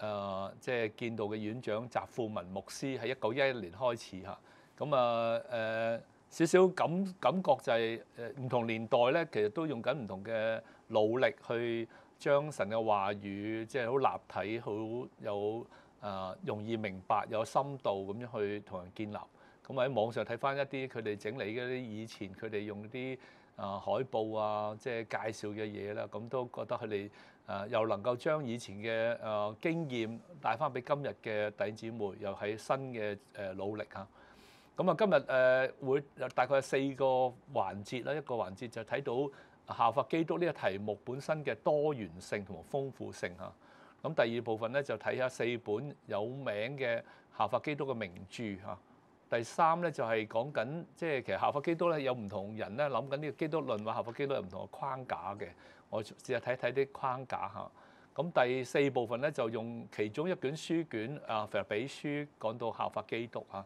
誒即係見到嘅院長翟富文牧師喺一九一一年開始嚇，咁啊誒少少感感覺就係誒唔同年代咧，其實都用緊唔同嘅努力去將神嘅話語，即係好立體、好有誒、呃、容易明白、有深度咁樣去同人建立。咁喺網上睇翻一啲佢哋整理嗰啲以前佢哋用啲誒、呃、海報啊，即、就、係、是、介紹嘅嘢啦，咁都覺得佢哋。誒又能夠將以前嘅誒經驗帶翻俾今日嘅弟姊妹，又喺新嘅誒努力嚇。咁啊，今日誒會有大概有四個環節啦。一個環節就睇到效法基督呢個題目本身嘅多元性同埋豐富性嚇。咁第二部分咧就睇下四本有名嘅效法基督嘅名著嚇。第三咧就係講緊，即係其實效法基督咧，有唔同人咧諗緊呢個基督論，話效法基督有唔同嘅框架嘅。我試下睇睇啲框架嚇，咁第四部分咧就用其中一卷書卷啊，譬如《比書》講到效法基督嚇。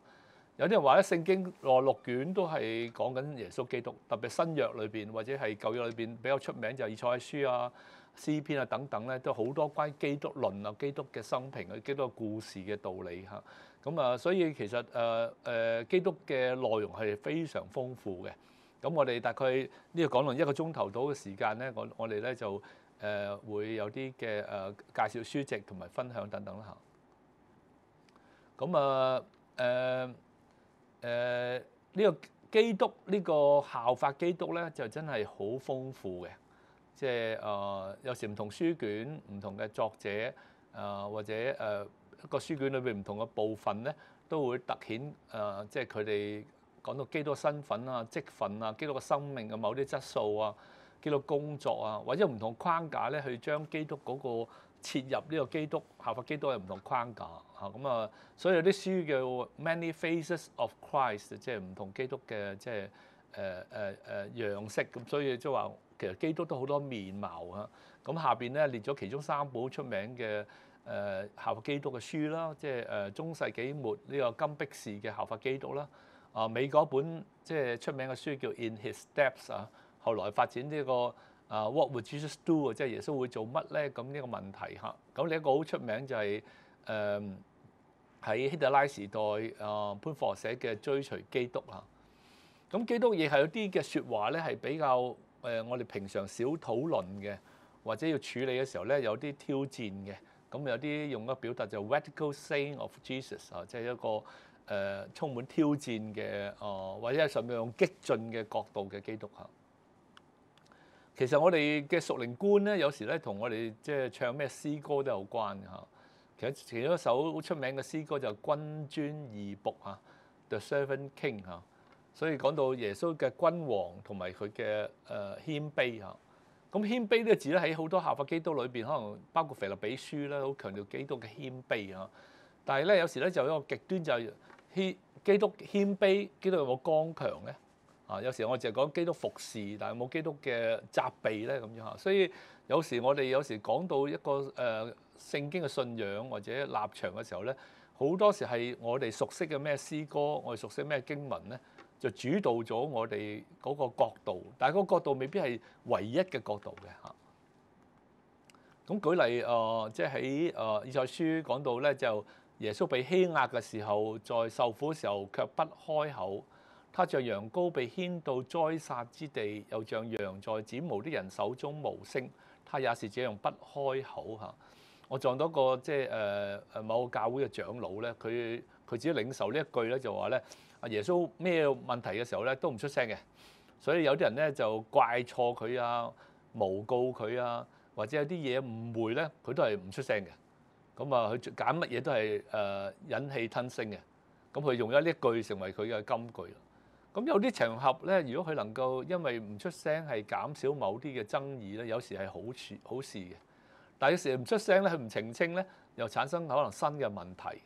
有啲人話咧，聖經內六卷都係講緊耶穌基督，特別新約裏邊或者係舊約裏邊比較出名就係《以賽書》啊、《詩篇》啊等等咧，都好多關於基督論啊、基督嘅生平啊、基督嘅故事嘅道理嚇。咁啊，所以其實誒誒基督嘅內容係非常豐富嘅。咁我哋大概呢個講論一個鐘頭到嘅時間咧，我我哋咧就誒會有啲嘅誒介紹書籍同埋分享等等啦嚇。咁啊誒誒呢個基督呢個效法基督咧就真係好豐富嘅，即係啊有時唔同書卷、唔同嘅作者啊或者誒一個書卷裏邊唔同嘅部分咧，都會突顯誒即係佢哋。講到基督身份啊、職分啊、基督嘅生命嘅、啊、某啲質素啊、基督工作啊，或者唔同框架咧，去將基督嗰個切入呢個基督效法基督嘅唔同框架嚇咁啊，啊，所以有啲書叫 Many Faces of Christ，即係唔同基督嘅即係誒誒誒樣式咁，所以即係話其實基督都好多面貌啊。咁、啊、下邊咧列咗其中三本出名嘅誒效法基督嘅書啦，啊，即係誒、啊、中世紀末呢、這個金碧士嘅效法基督啦。啊啊，美國本即係出名嘅書叫《In His Steps》啊，後來發展呢、這個啊，What Would Jesus Do 啊，即係耶穌會做乜咧？咁呢個問題嚇，咁另一個好出名就係誒喺希特拉時代啊，潘佛寫嘅《追隨基督》嚇、啊。咁基督亦係有啲嘅説話咧，係比較、呃、我哋平常少討論嘅，或者要處理嘅時候咧，有啲挑戰嘅。咁有啲用個表達就係、Vertical Saying of Jesus 啊，即係一個。誒、呃、充滿挑戰嘅哦、呃，或者係什麼用激進嘅角度嘅基督徒、啊，其實我哋嘅屬靈觀咧，有時咧同我哋即係唱咩詩歌都有關嘅，其實其中一首好出名嘅詩歌就是《君尊義僕》，啊，《The Servant King、啊》嚇，所以講到耶穌嘅君王同埋佢嘅誒謙卑嚇。咁、啊、謙卑呢個字咧喺好多效法基督裏邊，可能包括腓立比書咧，好強調基督嘅謙卑嚇、啊。但係咧有時咧就有一個極端就是。謙基督謙卑，基督有冇剛強呢？啊，有時我淨係講基督服侍，但係冇基督嘅責備呢？咁樣嚇。所以有時我哋有時講到一個誒、呃、聖經嘅信仰或者立場嘅時候呢，好多時係我哋熟悉嘅咩詩歌，我哋熟悉咩經文呢，就主導咗我哋嗰個角度，但係嗰個角度未必係唯一嘅角度嘅嚇。咁舉例誒，即係喺誒以賽書講到呢，就。耶穌被欺壓嘅時候，在受苦嘅時候卻不開口。他像羊羔被牽到宰殺之地，又像羊在剪毛啲人手中無聲。他也是這樣不開口嚇。我撞到個即係誒、呃、某個教會嘅長老咧，佢佢自己領受呢一句咧，就話咧，阿耶穌咩問題嘅時候咧都唔出聲嘅。所以有啲人咧就怪錯佢啊，誣告佢啊，或者有啲嘢誤會咧，佢都係唔出聲嘅。咁啊，佢揀乜嘢都係誒忍氣吞聲嘅，咁佢用咗呢句成為佢嘅金句啦。咁有啲場合呢，如果佢能夠因為唔出聲係減少某啲嘅爭議呢，有時係好處好事嘅。但有時唔出聲呢，佢唔澄清呢，又產生可能新嘅問題。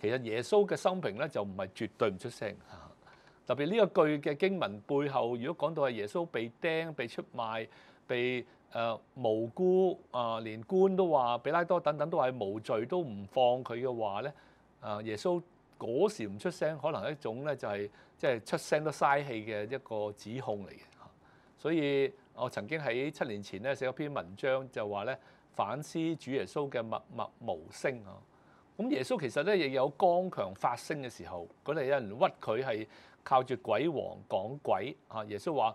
其實耶穌嘅生平呢就唔係絕對唔出聲嚇，特別呢一句嘅經文背後，如果講到係耶穌被釘、被出賣、被……誒、呃、無辜啊、呃，連官都話彼拉多等等都係無罪，都唔放佢嘅話咧，誒、啊、耶穌嗰時唔出聲，可能一種咧就係即係出聲都嘥氣嘅一個指控嚟嘅。所以我曾經喺七年前咧寫一篇文章就呢，就話咧反思主耶穌嘅默默無聲啊。咁耶穌其實咧亦有剛強發聲嘅時候，嗰陣有人屈佢係靠住鬼王講鬼、啊、耶穌話。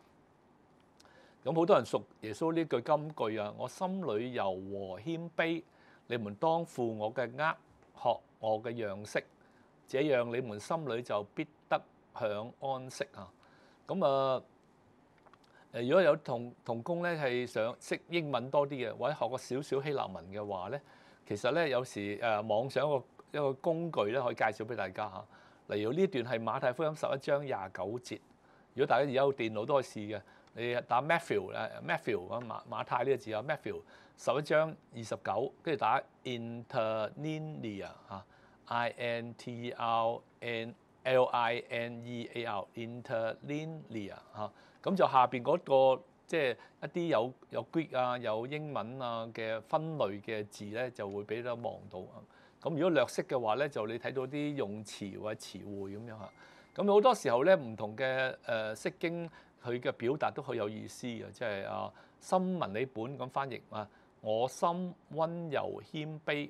咁好多人熟耶穌呢句金句啊！我心裏柔和謙卑，你們當負我嘅軛學我嘅樣式，這樣你們心裏就必得享安息啊！咁啊誒，如果有同同工咧係想識英文多啲嘅，或者學個少少希臘文嘅話咧，其實咧有時誒網上一個一個工具咧可以介紹俾大家嚇。例如呢段係馬太福音十一章廿九節，如果大家而家有電腦都可以試嘅。你打 Matthew 啊 Matthew 啊太呢個字啊 Matthew 十一章二十九，跟住打 interlinear i n t e n l i n e a r interlinear 咁就下面嗰、那個即係、就是、一啲有有 g r e k 啊有英文啊嘅分類嘅字咧就會俾你望到。咁如果略識嘅話咧，就你睇到啲用詞或者詞彙咁樣嚇。咁好多時候咧唔同嘅誒識經。佢嘅表達都好有意思嘅，即、就、係、是、啊，新文理本咁翻譯啊，我心溫柔謙卑，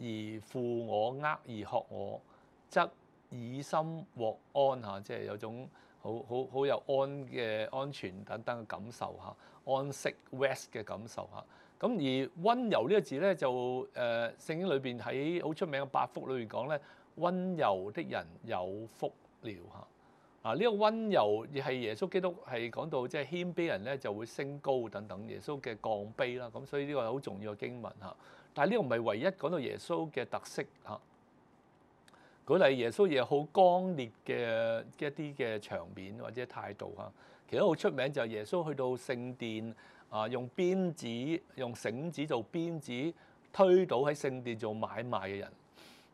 而負我厄而學我，則以心獲安嚇，即、啊、係、就是、有種好好好有安嘅安全等等嘅感受嚇、啊，安息 rest 嘅感受嚇。咁、啊、而溫柔呢個字呢，就誒、啊、聖經裏邊喺好出名嘅八福裏面講呢：「溫柔的人有福了嚇。啊啊！呢個温柔亦係耶穌基督係講到即係謙卑人咧就會升高等等，耶穌嘅降卑啦。咁所以呢個係好重要嘅經文嚇。但係呢個唔係唯一講到耶穌嘅特色嚇。舉例耶穌亦好剛烈嘅一啲嘅場面或者態度嚇。其實好出名就係耶穌去到聖殿啊，用鞭子、用繩子做鞭子推倒喺聖殿做買賣嘅人。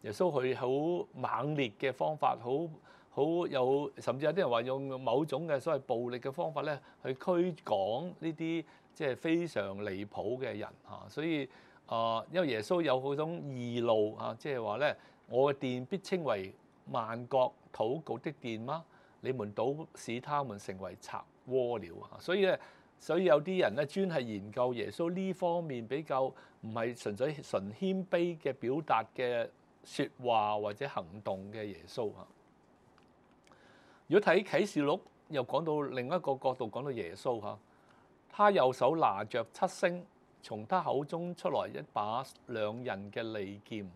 耶穌佢好猛烈嘅方法，好～好有，甚至有啲人話用某種嘅所謂暴力嘅方法咧，去驅趕呢啲即係非常離譜嘅人嚇。所以啊，因為耶穌有嗰種異路嚇，即係話咧，我嘅殿必稱為萬國土局的殿，萬國禱告的殿嗎？你們倒使他們成為賊窩了啊！所以咧，所以有啲人咧專係研究耶穌呢方面比較唔係純粹純謙卑嘅表達嘅説話或者行動嘅耶穌啊。如果睇啟示錄，又講到另一個角度，講到耶穌嚇，他右手拿着七星，從他口中出來一把兩人嘅利劍，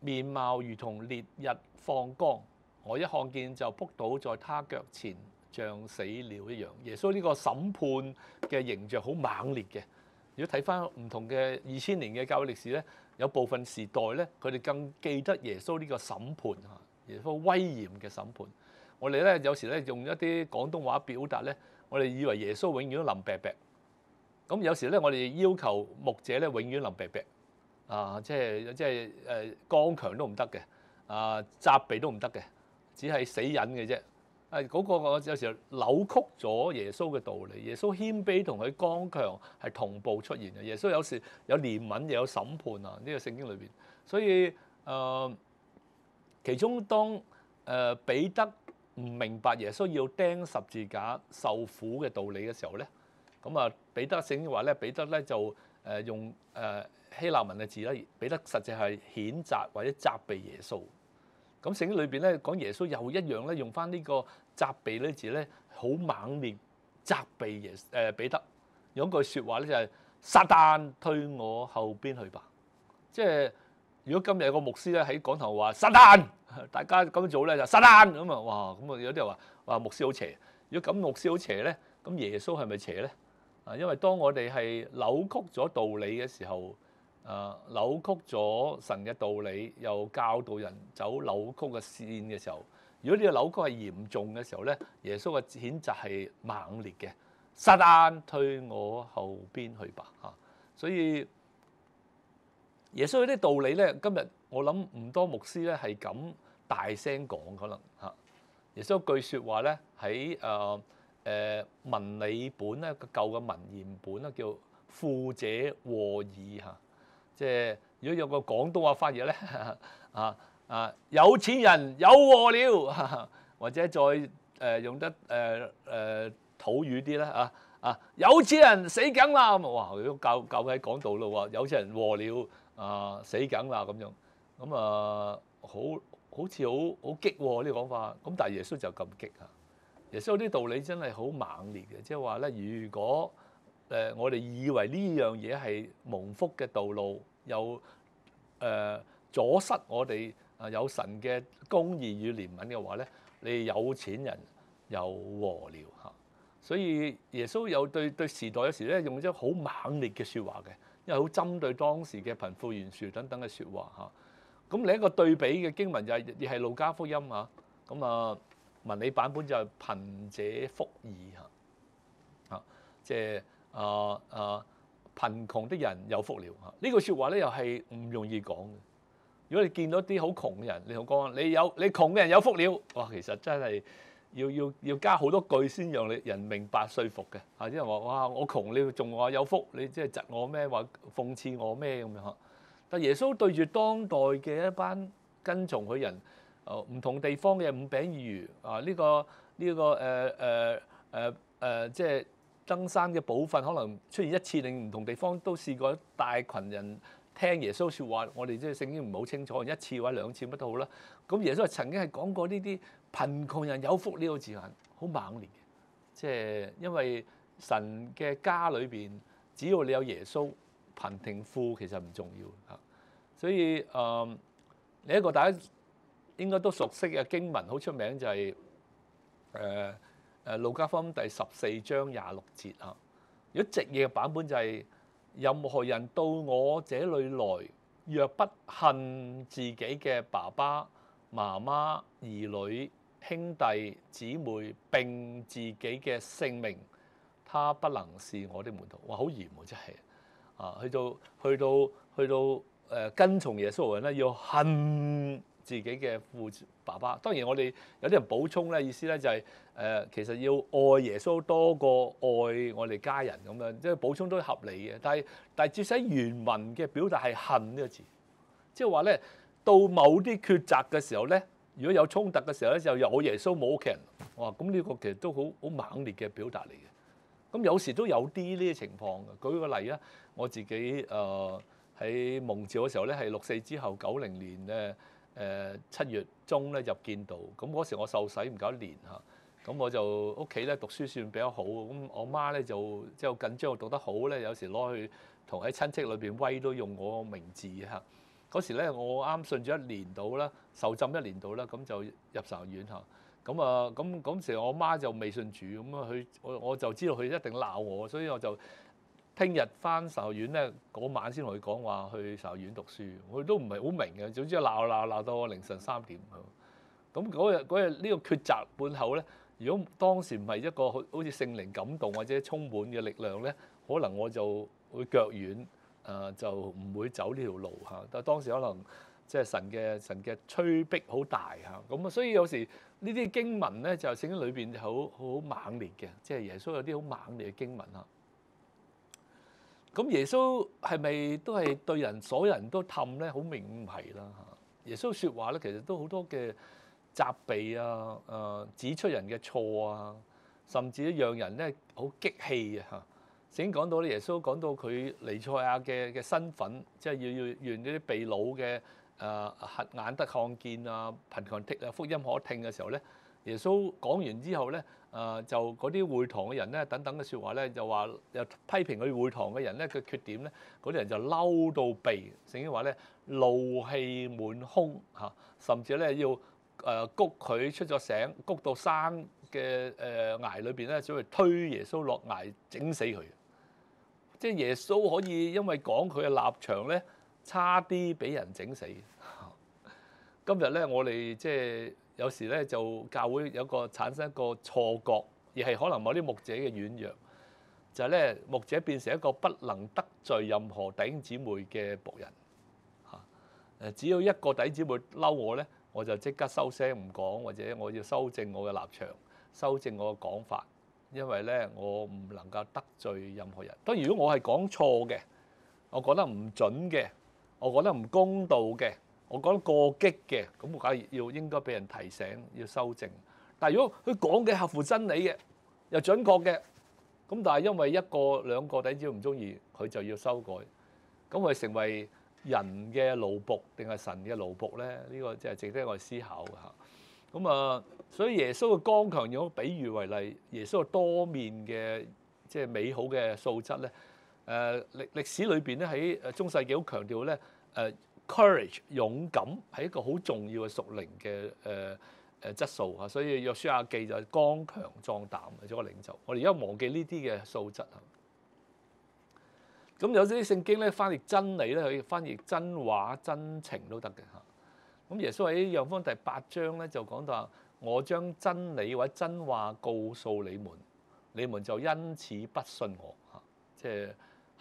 面貌如同烈日放光。我一看見就仆倒在他腳前，像死了一樣。耶穌呢個審判嘅形象好猛烈嘅。如果睇翻唔同嘅二千年嘅教會歷史咧，有部分時代咧，佢哋更記得耶穌呢個審判嚇，耶穌威嚴嘅審判。耶穌威嚴的審判。我哋咧，有時咧用一啲廣東話表達咧，我哋以為耶穌永遠都腍啤啤。咁有時咧，我哋要求牧者咧永遠腍啤啤，啊，即係即係誒剛強都唔得嘅，啊，責備都唔得嘅，只係死忍嘅啫。誒、那、嗰個有時扭曲咗耶穌嘅道理。耶穌謙卑同佢剛強係同步出現嘅。耶穌有時有憐憫又有審判啊！呢、這個聖經裏邊，所以誒、呃，其中當誒、呃、彼得。唔明白耶穌要釘十字架受苦嘅道理嘅時候咧，咁啊彼得聖經嘅話咧，彼得咧就誒用誒希臘文嘅字啦。彼得實際係譴責或者責備耶穌。咁聖經裏邊咧講耶穌又一樣咧，用返呢個責備呢字咧，好猛烈責備耶誒彼得。有一句説話咧就係、是、撒旦，退我後邊去吧，即係。如果今日有個牧師咧喺講頭話撒旦，大家咁樣做咧就撒旦咁啊，哇咁啊有啲人話話牧師好邪。如果咁牧師好邪咧，咁耶穌係咪邪咧？啊，因為當我哋係扭曲咗道理嘅時候，啊扭曲咗神嘅道理，又教導人走扭曲嘅線嘅時候，如果呢個扭曲係嚴重嘅時候咧，耶穌嘅譴責係猛烈嘅。撒旦，退我後邊去吧嚇，啊，所以。耶穌有啲道理咧，今日我諗唔多牧師咧係咁大聲講，可能耶穌句說話咧喺、呃、文理本咧個舊嘅文言本咧叫富者禍矣，即係如果有個廣東話翻譯咧啊啊有錢人有禍了，或者再、呃、用得誒誒、呃啊、土語啲咧啊啊有錢人死梗啦！哇，都教教喺講道咯喎，有錢人禍了。啊死梗啦咁樣，咁、嗯、啊好好似好好激喎呢個講法，咁但係耶穌就咁激嚇。耶穌啲道理真係好猛烈嘅，即係話咧，如果誒、呃、我哋以為呢樣嘢係蒙福嘅道路，又誒、呃、阻塞我哋啊有神嘅公義與憐憫嘅話咧，你有錢人有禍了嚇。所以耶穌有對對時代有時咧用咗好猛烈嘅説話嘅。因為好針對當時嘅貧富懸殊等等嘅説話嚇，咁另一個對比嘅經文就係亦係路加福音嚇，咁啊文理版本就係、是、貧者福矣嚇，即係啊啊貧窮的人有福了嚇。呢句説話咧又係唔容易講嘅。如果你見到啲好窮嘅人，你同我講，你有你窮嘅人有福了，哇！其實真係～要要要加好多句先讓你人明白說服嘅，嚇！啲人話：哇，我窮，你仲話有福，你即係窒我咩？話諷刺我咩咁樣呵？但耶穌對住當代嘅一班跟從佢人，誒、呃、唔同地方嘅五餅二魚啊，呢、這個呢、這個誒誒誒誒，即、呃、係、呃呃呃呃就是、登山嘅寶訓，可能出現一次令唔同地方都試過，大群人聽耶穌説話。我哋即係聖經唔係好清楚，一次或者兩次乜都好啦。咁耶穌曾經係講過呢啲。貧窮人有福，呢個字眼好猛烈嘅，即係因為神嘅家裏面，只要你有耶穌，貧定富其實唔重要嚇。所以誒，另、嗯、一個大家應該都熟悉嘅經文，好出名就係誒誒路加福音第十四章廿六節啊。如果直譯嘅版本就係、是、任何人到我這裏來，若不恨自己嘅爸爸媽媽兒女，兄弟姊妹並自己嘅性命，他不能是我的門徒。哇，好嚴喎，真係啊！去到去到去到誒，跟從耶穌人咧，要恨自己嘅父爸爸。當然，我哋有啲人補充咧，意思咧就係誒，其實要愛耶穌多過愛我哋家人咁樣，即係補充都合理嘅。但係但係，即使原文嘅表達係恨呢個字，即係話咧，到某啲抉擇嘅時候咧。如果有衝突嘅時候咧，就有耶穌冇屋企人，哇！咁呢個其實都好好猛烈嘅表達嚟嘅。咁有時都有啲呢啲情況嘅。舉個例啊，我自己誒喺、呃、蒙召嘅時候咧，係六四之後九零年嘅誒、呃、七月中咧入建道。咁嗰時候我受洗唔夠一年嚇，咁我就屋企咧讀書算比較好。咁我媽咧就即係好緊張我讀得好咧，有時攞去同喺親戚裏邊威都用我個名字嚇。嗰時咧，我啱信咗一年度啦，受浸一年度啦，咁就入神學院嚇。咁啊，咁嗰時我媽就未信主。咁啊，佢我我就知道佢一定鬧我，所以我就聽日翻神學院咧，嗰、那個、晚先同佢講話去神學院讀書。佢都唔係好明嘅，總之鬧鬧鬧到我凌晨三點。咁嗰日日呢個抉擇背後咧，如果當時唔係一個好似聖靈感動或者充滿嘅力量咧，可能我就會腳軟。誒就唔會走呢條路嚇，但當時可能即係神嘅神嘅催逼好大嚇，咁啊所以有時呢啲經文咧就聖經裏邊好好猛烈嘅即係耶穌有啲好猛烈嘅經文啦。咁耶穌係咪都係對人所有人都氹咧？好明唔係啦嚇。耶穌説話咧其實都好多嘅責備啊，誒、啊、指出人嘅錯啊，甚至咧讓人咧好激氣啊嚇。先講到咧，耶穌講到佢彌賽亞嘅嘅身份，即係要要願嗰啲被擄嘅誒瞎眼得看見啊，貧窮聽啊福音可聽嘅時候咧，耶穌講完之後咧，誒、呃、就嗰啲會堂嘅人咧，等等嘅説話咧，就話又批評佢會堂嘅人咧嘅缺點咧，嗰啲人就嬲到鼻，成語話咧怒氣滿胸嚇，甚至咧要誒、呃、谷佢出咗城，谷到山嘅誒崖裏邊咧，準備推耶穌落崖整死佢。即係耶穌可以因為講佢嘅立場咧，差啲俾人整死。今日咧，我哋即係有時咧，就教會有個產生一個錯覺，而係可能某啲牧者嘅軟弱，就係咧牧者變成一個不能得罪任何弟兄姊妹嘅僕人。只要一個弟兄姊妹嬲我咧，我就即刻收聲唔講，或者我要修正我嘅立場，修正我嘅講法。因為咧，我唔能夠得罪任何人。當然，如果我係講錯嘅，我講得唔準嘅，我講得唔公道嘅，我講得過激嘅，咁我梗係要應該俾人提醒，要修正。但係如果佢講嘅合乎真理嘅，又準確嘅，咁但係因為一個兩個點知唔中意，佢就要修改，咁係成為人嘅奴僕定係神嘅奴僕咧？呢個真係值得我思考嘅嚇。咁啊，所以耶穌嘅剛強用比喻為例，耶穌多面嘅即係美好嘅素質咧。誒、呃、歷歷史裏邊咧喺中世紀好強調咧，誒、呃、courage 勇敢係一個好重要嘅屬靈嘅誒誒質素啊。所以約書亞記就剛強壯膽咗個領袖。我哋而家忘記呢啲嘅素質啊。咁有啲聖經咧翻譯真理咧，可以翻譯真話真情都得嘅嚇。咁耶穌喺《約方》第八章咧，就講到話：我將真理或者真話告訴你們，你們就因此不信我。嚇，即係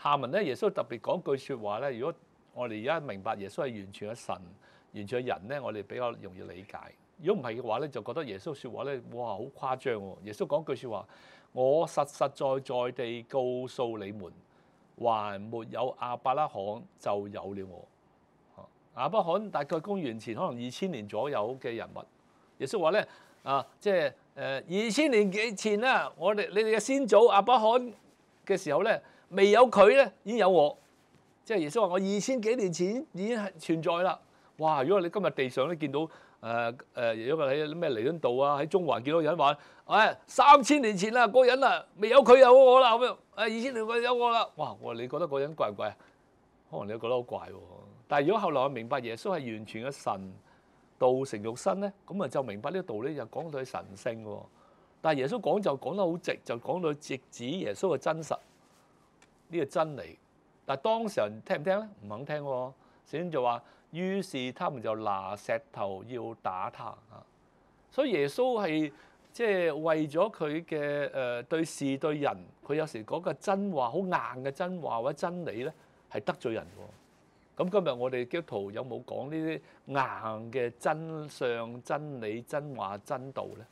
下文咧，耶穌特別講句説話咧。如果我哋而家明白耶穌係完全嘅神、完全嘅人咧，我哋比較容易理解。如果唔係嘅話咧，就覺得耶穌説話咧，哇，好誇張喎！耶穌講句説話：我實實在在地告訴你們，還沒有亞伯拉罕就有了我。亞伯罕大概公元前可能二千年左右嘅人物，耶穌話咧啊，即係誒二千年幾前啊，我哋你哋嘅先祖亞伯罕嘅時候咧，未有佢咧，已經有我，即係耶穌話我二千幾年前已經係存在啦。哇！如果你今日地上都見到誒誒、呃呃，如果喺咩彌敦道啊，喺中環見到有人話，誒三千年前啦，嗰人啊未有佢有我啦，咁啊二千年佢有我啦。哇！我你覺得嗰人怪唔怪啊？可能你都覺得好怪喎。但係，如果後來我明白耶穌係完全嘅神，道成肉身呢，咁啊就明白呢個道理就講到佢神性。但係耶穌講就講得好直，就講到直指耶穌嘅真實呢、呢個真理。但係當時人聽唔聽呢？唔肯聽，哦，所以就話，於是他們就拿石頭要打他啊！所以耶穌係即係為咗佢嘅誒對事對人，佢有時講個真話好硬嘅真話或者真理呢，係得罪人嘅。咁今日我哋基督徒有冇講呢啲硬嘅真相、真理、真話、真道咧？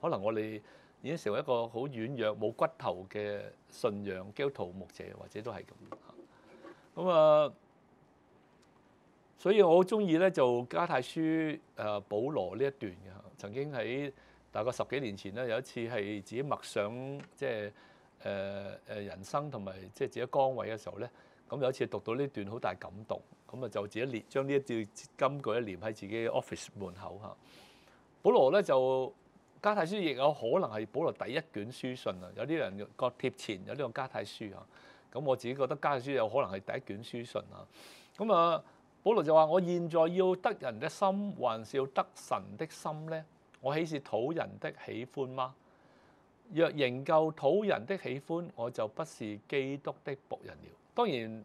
可能我哋已經成為一個好軟弱、冇骨頭嘅信仰基督徒牧者，或者都係咁。咁啊，所以我好鍾意咧，就加太書誒保羅呢一段嘅。曾經喺大概十幾年前咧，有一次係自己默想，即係誒誒人生同埋即係自己崗位嘅時候咧。咁有一次讀到呢段好大感動，咁啊就自己列將呢一段金句一連喺自己 office 門口嚇。保羅咧就加泰書亦有可能係保羅第一卷書信啊。有啲人各帖前有呢個加泰書嚇，咁我自己覺得加泰書有可能係第一卷書信啊。咁啊，保羅就話：我現在要得人的心，還是要得神的心呢？我豈是討人的喜歡嗎？若仍舊討人的喜歡，我就不是基督的僕人了。當然，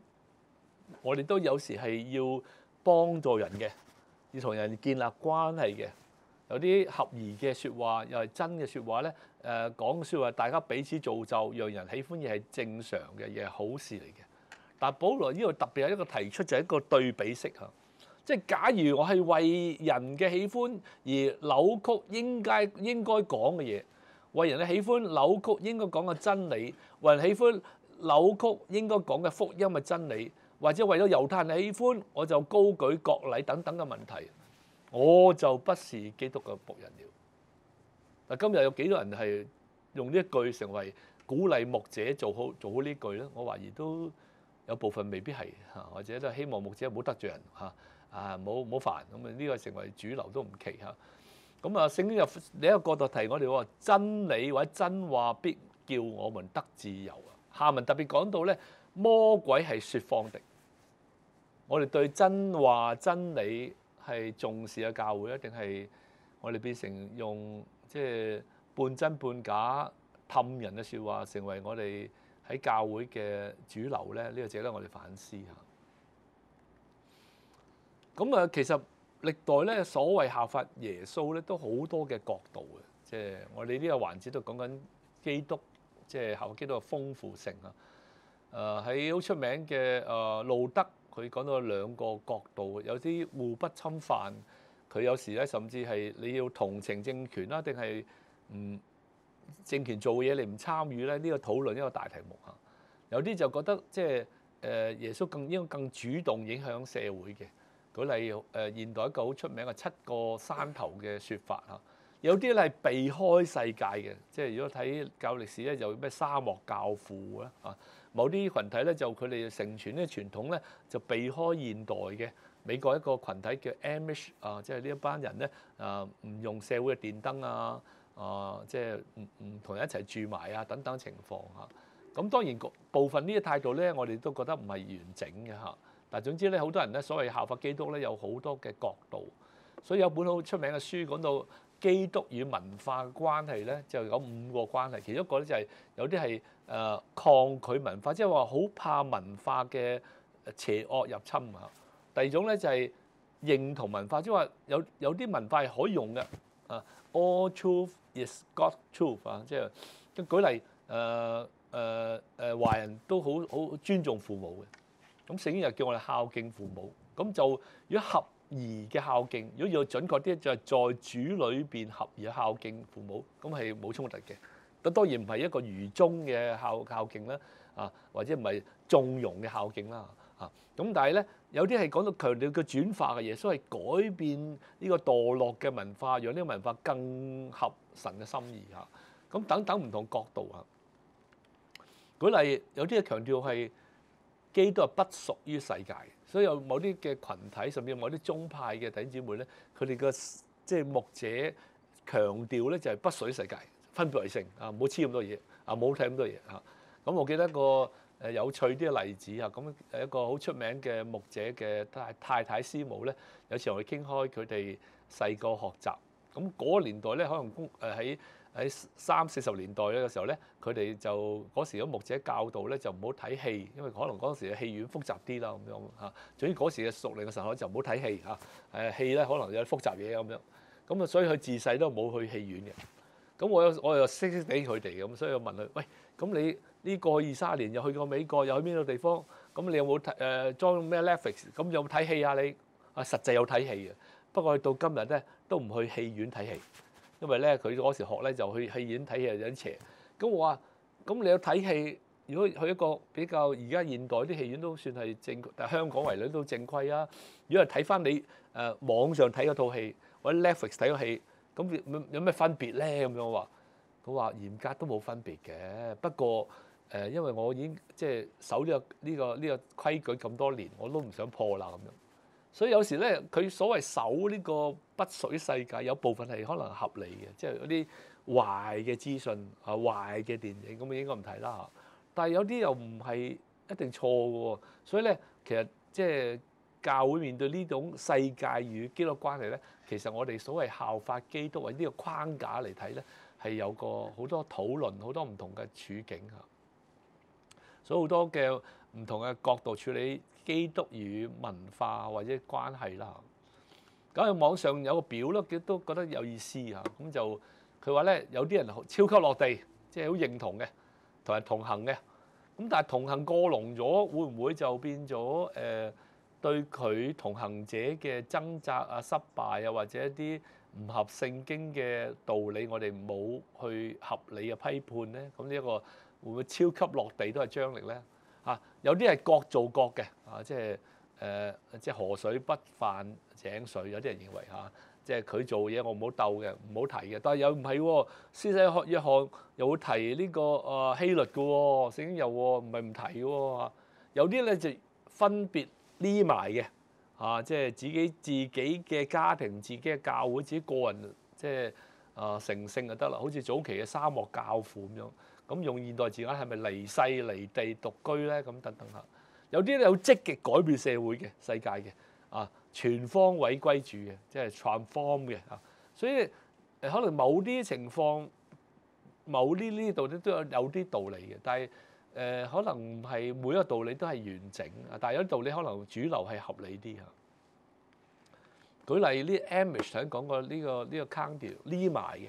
我哋都有時係要幫助人嘅，要同人建立關係嘅。有啲合宜嘅説話，又係真嘅説話呢誒、呃、講説話，大家彼此造就，讓人喜歡，亦係正常嘅，嘢，係好事嚟嘅。但保羅呢度特別有一個提出，就係、是、一個對比式嚇。即係假如我係為人嘅喜歡而扭曲應該應該講嘅嘢，為人嘅喜歡扭曲應該講嘅真理，為人喜歡。扭曲應該講嘅福音嘅真理，或者為咗猶太人喜歡，我就高舉割禮等等嘅問題，我就不是基督嘅僕人了。嗱，今日有幾多人係用呢一句成為鼓勵牧者做好做好呢句咧？我懷疑都有部分未必係，或者都希望牧者唔好得罪人嚇啊，冇冇煩咁啊？呢個成為主流都唔奇嚇。咁啊，聖經入另一個角度提我哋話真理或者真話必叫我們得自由。下文特別講到咧，魔鬼係説謊的。我哋對真話真理係重視嘅教會，一定係我哋變成用即係半真半假氹人嘅説話，成為我哋喺教會嘅主流咧。呢個值得，我哋反思下。咁啊，其實歷代咧，所謂效法耶穌咧，都好多嘅角度嘅。即係我哋呢個環節都講緊基督。即係效法基督嗰個豐富性啊！誒喺好出名嘅誒、呃、路德，佢講到兩個角度，有啲互不侵犯。佢有時咧，甚至係你要同情政權啦、啊，定係唔政權做嘢你唔參與咧？呢、這個討論一個大題目嚇、啊。有啲就覺得即係誒耶穌更應該更主動影響社會嘅。舉例如誒現代一個好出名嘅七個山頭嘅說法嚇、啊。有啲咧係避開世界嘅，即係如果睇教歷史咧，就有咩沙漠教父啦、啊，某啲群體咧就佢哋承傳咧傳統咧就避開現代嘅美國一個群體叫 Amish 啊，即係呢一班人咧啊，唔用社會嘅電燈啊、啊，即係唔唔同人一齊住埋啊等等情況嚇。咁、啊、當然個部分呢啲態度咧，我哋都覺得唔係完整嘅嚇、啊。但係總之咧，好多人咧所謂效法基督咧，有好多嘅角度，所以有本好出名嘅書講到。基督與文化嘅關係咧就有五個關係，其中一個咧就係有啲係誒抗拒文化，即係話好怕文化嘅邪惡入侵啊。第二種咧就係認同文化，即係話有有啲文化係可以用嘅。啊，All truth is God truth 啊，即係舉例誒誒誒，華人都好好尊重父母嘅，咁聖經又叫我哋孝敬父母，咁就如果合兒嘅孝敬，如果要準確啲，就係、是、在主裏邊合兒孝敬父母，咁係冇衝突嘅。咁當然唔係一個愚忠嘅孝孝敬啦，啊，或者唔係縱容嘅孝敬啦，啊。咁但係咧，有啲係講到強調嘅轉化嘅，耶穌係改變呢個墮落嘅文化，讓呢個文化更合神嘅心意嚇。咁等等唔同角度啊。舉例有啲係強調係基督係不屬於世界，所以有某啲嘅群體，甚至某啲宗派嘅弟兄姊妹咧，佢哋個即係牧者強調咧、就是，就係不水世界，分別為聖啊，唔好黐咁多嘢啊，唔好睇咁多嘢啊。咁我記得一個誒有趣啲嘅例子啊，咁係一個好出名嘅牧者嘅太太太師母咧，有時，時候會傾開佢哋細個學習。咁、那、嗰個年代咧，可能公誒喺。喺三四十年代咧嘅時候咧，佢哋就嗰時啲牧者教導咧就唔好睇戲，因為可能嗰時嘅戲院複雜啲啦咁樣嚇。總之嗰時嘅熟齡嘅時候就唔好睇戲嚇。誒戲咧可能有複雜嘢咁樣，咁啊所以佢自細都冇去戲院嘅。咁我我又識識啲佢哋咁，所以我問佢：喂，咁你呢個二三年又去過美國，又去邊度地方？咁你有冇睇誒裝咩 Netflix？咁有冇睇戲啊你？啊實際有睇戲嘅，不過佢到今日咧都唔去戲院睇戲。因為咧，佢嗰時學咧就去戲院睇戲有啲邪。咁我話：咁你有睇戲？如果去一個比較而家現代啲戲院都算係正，但係香港為準都正規啊。如果係睇返你誒網上睇嗰套戲，或者 Netflix 睇個戲，咁有咩分別咧？咁樣我話：佢話嚴格都冇分別嘅。不過誒，因為我已經即係守呢個呢個呢個規矩咁多年，我都唔想破啦咁樣。所以有時咧，佢所謂守呢個不屬於世界，有部分係可能合理嘅，即係嗰啲壞嘅資訊啊、壞嘅電影咁，你應該唔睇啦嚇。但係有啲又唔係一定錯嘅喎。所以咧，其實即係教會面對呢種世界與基督關係咧，其實我哋所謂效法基督或者呢個框架嚟睇咧，係有個好多討論、好多唔同嘅處境嚇。所以好多嘅唔同嘅角度處理。基督與文化或者關係啦，咁喺網上有個表咯，佢都覺得有意思啊。咁就佢話咧，有啲人超級落地，即係好認同嘅，同埋同行嘅。咁但係同行過龍咗，會唔會就變咗誒對佢同行者嘅掙扎啊、失敗啊，或者一啲唔合聖經嘅道理，我哋冇去合理嘅批判咧？咁呢一個會唔會超級落地都係張力咧？啊，有啲係各做各嘅，啊，即係誒，即、啊、係、就是、河水不犯井水。有啲人認為嚇，即係佢做嘢我唔好鬥嘅，唔好提嘅。但係又唔係喎，先細一學，學又會提呢、這個誒希律嘅喎，聖經又唔係唔提嘅喎。有啲咧就分別匿埋嘅，啊，即係、啊啊啊就是啊就是、自己自己嘅家庭、自己嘅教會、自己個人，即、就、係、是、啊，成聖就得啦。好似早期嘅沙漠教父咁樣。咁用現代字眼係咪離世離地獨居咧？咁等等下，有啲咧有積極改變社會嘅世界嘅啊，全方位歸主嘅，即係 transform 嘅啊。所以誒，可能某啲情況，某啲呢度咧都有有啲道理嘅，但係誒可能唔係每一個道理都係完整啊。但係有啲道理可能主流係合理啲啊。舉例呢，Amish 想講個呢個呢個 county Lima 嘅，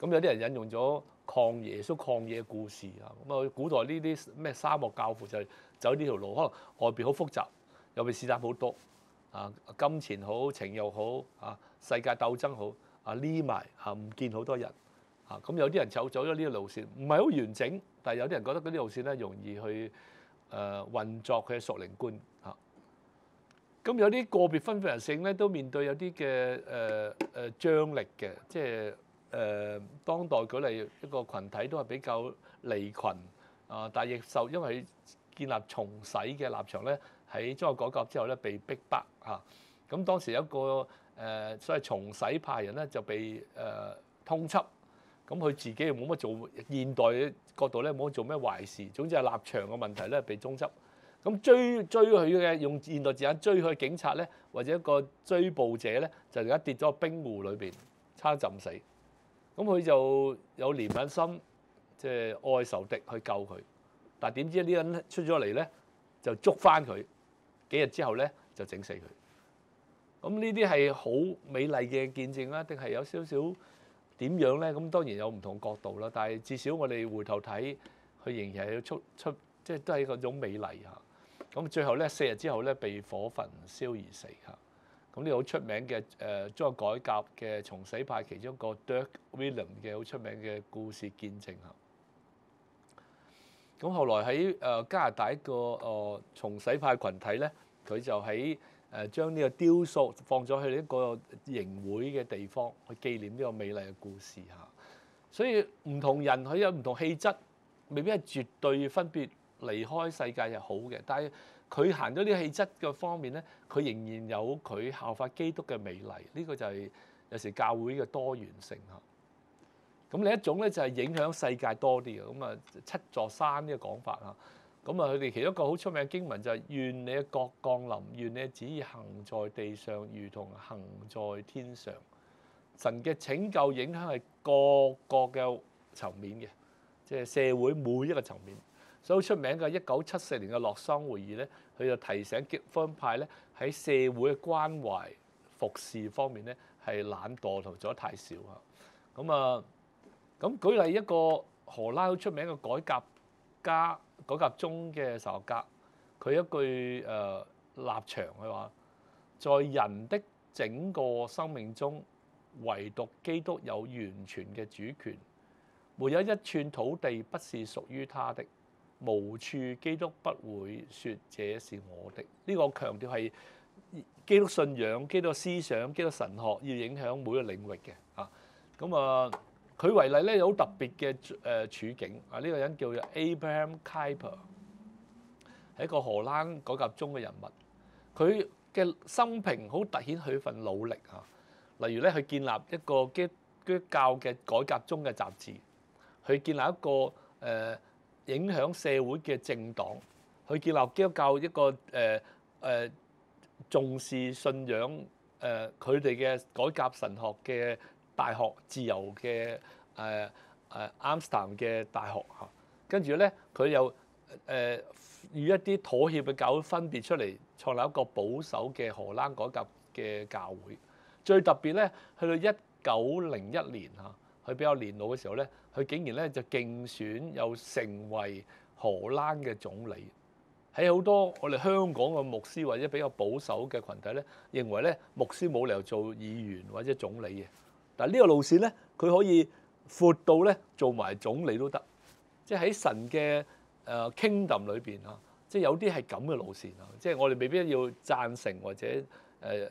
咁有啲人引用咗。抗耶穌抗嘢故事啊，咁啊古代呢啲咩沙漠教父就走呢條路，可能外邊好複雜，又俾試探好多啊，金錢好，情又好啊，世界鬥爭好啊，匿埋嚇唔見好多人啊，咁有啲人就走咗呢條路線，唔係好完整，但係有啲人覺得嗰啲路線咧容易去誒、呃、運作佢嘅屬靈觀嚇，咁有啲個別分別人性咧都面對有啲嘅誒誒張力嘅，即係。誒、呃，當代舉例一個群體都係比較離群，啊，但亦受因為建立重洗嘅立場咧，喺中國改革之後咧被逼迫嚇。咁、啊、當時有一個誒、呃，所謂重洗派人咧就被誒、呃、通緝。咁、啊、佢自己又冇乜做現代嘅角度咧冇乜做咩壞事，總之係立場嘅問題咧被中緝。咁、啊、追追佢嘅用現代字眼追佢嘅警察咧，或者一個追捕者咧，就而家跌咗冰湖裏邊，差浸死。咁佢就有憐憫心，即係愛仇敵去救佢。但點知呢人出咗嚟呢，就捉翻佢。幾日之後呢，就整死佢。咁呢啲係好美麗嘅見證啦，定係有少少點樣呢？咁當然有唔同角度啦。但係至少我哋回頭睇，佢仍然係出出，即係都係嗰種美麗嚇。咁最後呢，四日之後呢，被火焚燒而死嚇。咁呢個好出名嘅，誒中國改革嘅重洗派其中一個 Dirk Willem 嘅好出名嘅故事見證嚇。咁後來喺誒加拿大一個誒重洗派羣體咧，佢就喺誒將呢個雕塑放咗去一個營會嘅地方去紀念呢個美麗嘅故事嚇。所以唔同人佢有唔同氣質，未必係絕對分別離開世界係好嘅，但係。佢行咗啲氣質嘅方面呢，佢仍然有佢效法基督嘅美麗。呢個就係有時教會嘅多元性嚇。咁另一種呢就係影響世界多啲嘅。咁啊，七座山呢個講法嚇。咁啊，佢哋其中一個好出名嘅經文就係願你嘅國降臨，願你旨意行在地上，如同行在天上。神嘅拯救影響係各個嘅層面嘅，即係社會每一個層面。所以出名嘅一九七四年嘅洛桑會議呢，佢就提醒激進派呢，喺社會嘅關懷服侍方面呢，係懶惰同做得太少啊。咁、嗯、啊，咁、嗯、舉例一個荷蘭好出名嘅改革家、改革宗嘅神學家，佢一句誒、呃、立場，佢話：在人的整個生命中，唯獨基督有完全嘅主權，沒有一寸土地不是屬於他的。無處基督不會說，這是我的。呢個強調係基督信仰、基督嘅思想、基督神學要影響每個領域嘅啊，咁啊！佢為例咧，有好特別嘅誒處境啊！呢個人叫做 Abraham Kuyper，係一個荷蘭改革宗嘅人物。佢嘅生平好突顯佢一份努力啊！例如咧，佢建立一個基督教嘅改革宗嘅雜誌，佢建立一個誒。影響社會嘅政黨，去建立基督教一個誒誒、呃呃、重視信仰誒佢哋嘅改革神學嘅大學，自由嘅誒誒阿姆斯特丹嘅大學嚇、啊。跟住咧，佢又誒與、呃、一啲妥協嘅教會分別出嚟，創立一個保守嘅荷蘭改革嘅教會。最特別咧，去到一九零一年嚇。啊佢比較年老嘅時候呢，佢竟然呢就競選又成為荷蘭嘅總理。喺好多我哋香港嘅牧師或者比較保守嘅群體呢，認為呢牧師冇理由做議員或者總理嘅。但係呢個路線呢，佢可以闊到呢做埋總理都得。即係喺神嘅誒 kingdom 裏邊啊，即係有啲係咁嘅路線啊。即係我哋未必要贊成或者誒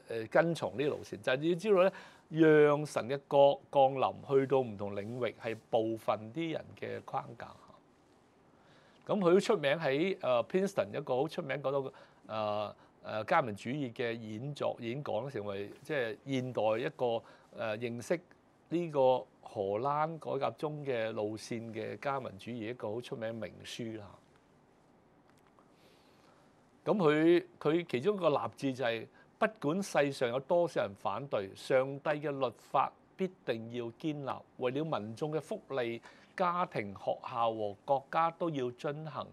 誒跟從呢個路線，就係要知道呢。讓神嘅國降臨去到唔同領域，係部分啲人嘅框架下。咁佢都出名喺誒 Princeton 一個好出名講到誒誒加文主義嘅演作演講，成為即係現代一個誒認識呢個荷蘭改革中嘅路線嘅加文主義一個好出名名書啦。咁佢佢其中一個立志就係。不管世上有多少人反對，上帝嘅律法必定要建立。為了民眾嘅福利，家庭、學校和國家都要遵行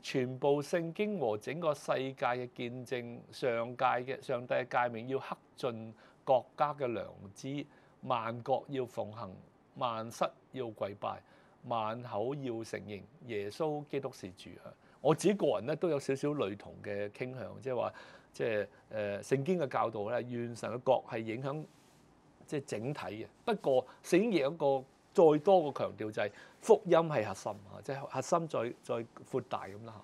全部聖經和整個世界嘅見證。上界嘅上帝嘅誡命要刻進國家嘅良知，萬國要奉行，萬膝要跪拜，萬口要承認耶穌基督是主。我自己個人咧都有少少類同嘅傾向，即係話。即係誒聖經嘅教導咧，怨神嘅角係影響即係、就是、整體嘅。不過聖經亦有一個再多嘅強調就係福音係核心啊！即、就、係、是、核心再再闊大咁啦，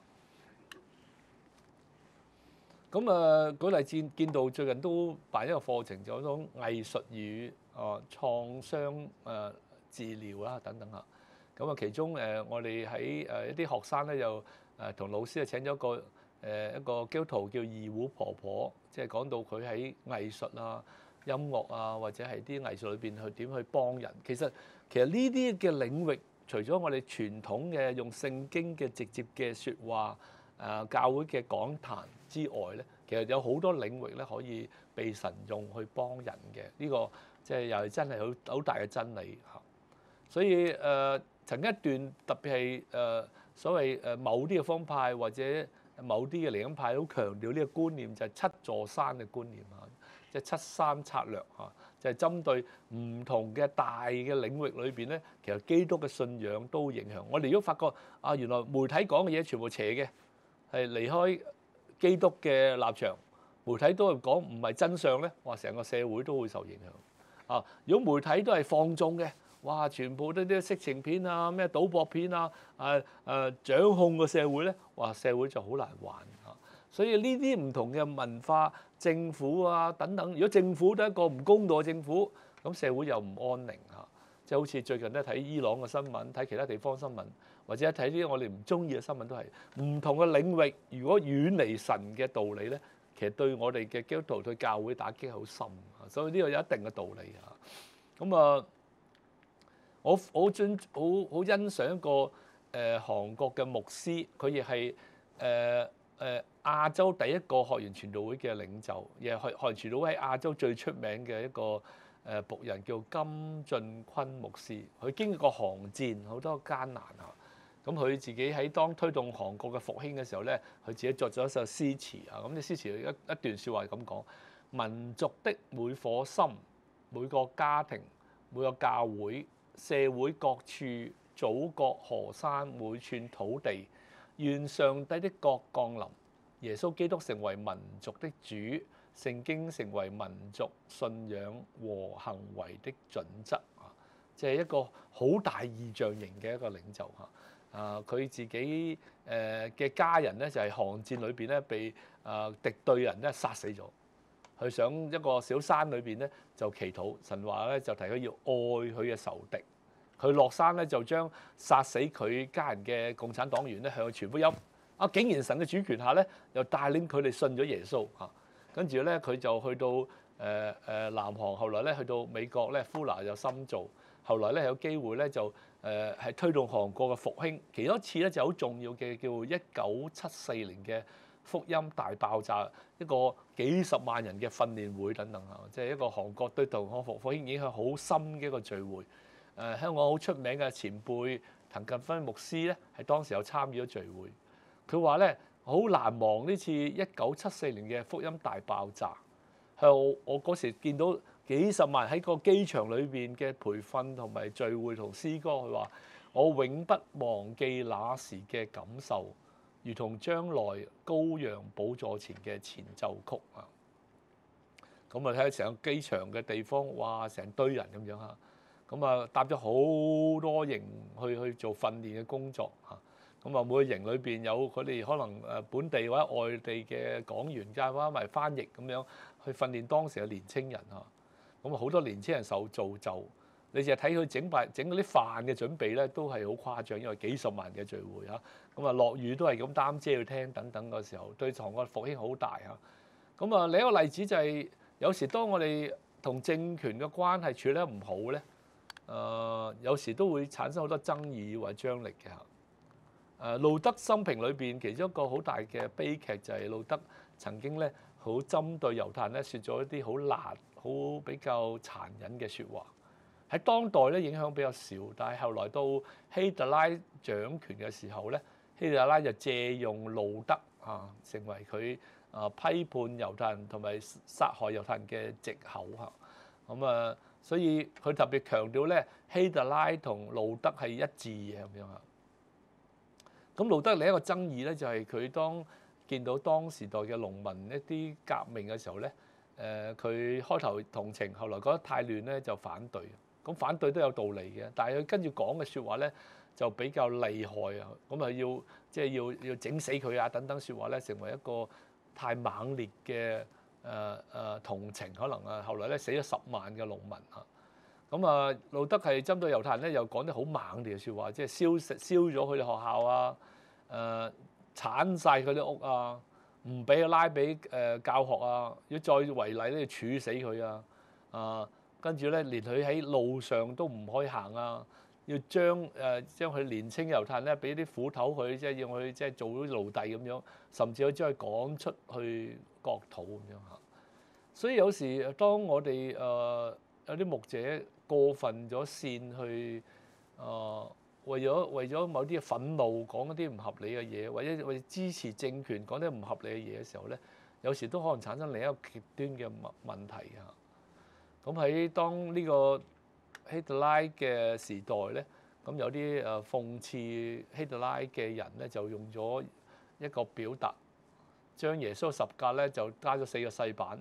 吓，咁啊，舉例見見到最近都辦一個課程，就講藝術與啊創傷誒、啊、治療啦等等啊，咁啊，其中誒、啊、我哋喺誒一啲學生咧又誒同老師啊請咗個。誒一個基督徒叫二胡婆婆，即係講到佢喺藝術啊、音樂啊，或者係啲藝術裏邊去點去幫人。其實其實呢啲嘅領域，除咗我哋傳統嘅用聖經嘅直接嘅説話，誒、啊、教會嘅講壇之外呢，其實有好多領域呢可以被神用去幫人嘅。呢、這個即係又係真係好好大嘅真理嚇。所以誒、呃，曾經一段特別係誒、呃、所謂誒某啲嘅方派或者。某啲嘅靈恩派好強調呢個觀念，就係七座山嘅觀念啊，即係七山策略啊，就係針對唔同嘅大嘅領域裏邊咧，其實基督嘅信仰都影響我哋。如果發覺啊，原來媒體講嘅嘢全部邪嘅，係離開基督嘅立場，媒體都係講唔係真相咧，哇！成個社會都會受影響啊。如果媒體都係放縱嘅，哇！全部都啲色情片啊，咩賭博片啊，誒誒掌控個社會咧，話社會就好難還嚇。所以呢啲唔同嘅文化、政府啊等等，如果政府都係一個唔公道嘅政府，咁社會又唔安寧嚇。即係好似最近都睇伊朗嘅新聞，睇其他地方新聞，或者睇啲我哋唔中意嘅新聞都係唔同嘅領域。如果遠離神嘅道理咧，其實對我哋嘅基督徒、對教會打擊係好深。所以呢個有一定嘅道理嚇。咁啊～我我尊好好欣賞一個誒、呃、韓國嘅牧師，佢亦係誒誒亞洲第一個學員傳道會嘅領袖，亦係學學傳道會亞洲最出名嘅一個誒僕、呃、人，叫金俊坤牧師。佢經歷過韓戰好多艱難嚇，咁佢自己喺當推動韓國嘅復興嘅時候咧，佢自己作咗一首詩詞啊。咁啲詩詞一一,一段説話係咁講：民族的每顆心、每個家庭、每個教會。社會各處、祖國河山每寸土地，願上帝的國降臨，耶穌基督成為民族的主，聖經成為民族信仰和行為的準則啊！即係一個好大異象型嘅一個領袖嚇，佢、啊、自己誒嘅家人呢，就係巷戰裏面被敵敵對人咧殺死咗。去上一個小山裏邊咧就祈禱，神話咧就提佢要愛佢嘅仇敵。佢落山咧就將殺死佢家人嘅共產黨員咧向佢傳福音。啊，竟然神嘅主權下咧，又帶領佢哋信咗耶穌嚇、啊。跟住咧佢就去到誒誒、呃呃、南韓，後來咧去到美國咧，富勒又深造，後來咧有機會咧就誒係、呃、推動韓國嘅復興。其中一次咧就好重要嘅叫一九七四年嘅福音大爆炸，一個幾十萬人嘅訓練會等等嚇，即係一個韓國對禱告復興影響好深嘅一個聚會。誒、呃，香港好出名嘅前輩滕近芬牧師呢，係當時有參與咗聚會。佢話呢，好難忘呢次一九七四年嘅福音大爆炸，係我我嗰時見到幾十萬喺個機場裏邊嘅培訓同埋聚會同詩歌。佢話：我永不忘記那時嘅感受。如同將來羔羊寶座前嘅前奏曲啊，咁啊睇下成機場嘅地方，哇，成堆人咁樣嚇，咁啊搭咗好多營去去做訓練嘅工作嚇，咁啊每個營裏邊有佢哋可能誒本地或者外地嘅講員嘅，或者埋翻譯咁樣去訓練當時嘅年青人嚇，咁啊好多年青人受造就，你淨係睇佢整飯整嗰啲飯嘅準備咧，都係好誇張，因為幾十萬嘅聚會嚇。咁啊，落雨都係咁擔遮去聽等等嗰時候，對韓國嘅復興好大嚇。咁啊，另一個例子就係有時當我哋同政權嘅關係處理得唔好咧，誒有時都會產生好多爭議或者張力嘅嚇。誒路德生平裏面，其中一個好大嘅悲劇就係路德曾經咧好針對猶太人咧說咗一啲好辣好比較殘忍嘅說話。喺當代咧影響比較少，但係後來到希特拉掌權嘅時候咧。希特拉就借用路德啊，成為佢啊批判猶太人同埋殺害猶太人嘅藉口吓。咁啊，所以佢特別強調咧，希特拉同路德係一致嘅咁樣嚇。咁路德另一個爭議咧，就係佢當見到當時代嘅農民一啲革命嘅時候咧，誒佢開頭同情，後來覺得太亂咧就反對。咁反對都有道理嘅，但係佢跟住講嘅説話咧。就比較厲害啊！咁啊要即係、就是、要要整死佢啊等等説話咧，成為一個太猛烈嘅誒誒同情可能啊。後來咧死咗十萬嘅農民啊。咁啊，路德係針對猶太人咧，又講啲好猛烈嘅説話，即係燒燒咗佢哋學校啊，誒、呃、剷曬佢啲屋啊，唔俾佢拉俾誒、呃、教學啊，要再違例咧要處死佢啊啊！跟住咧連佢喺路上都唔可以行啊！要將誒將佢年青猶太咧，俾啲苦頭佢，即係要佢即係做奴隸咁樣，甚至可以將佢趕出去國土咁樣嚇。所以有時當我哋誒、呃、有啲牧者過分咗線去誒、呃，為咗為咗某啲憤怒講一啲唔合理嘅嘢，或者或支持政權講啲唔合理嘅嘢嘅時候咧，有時都可能產生另一個極端嘅問問題嚇。咁喺當呢、這個希特拉嘅時代呢，咁有啲誒諷刺希特拉嘅人呢，就用咗一個表達，將耶穌嘅十架呢，就加咗四個細板，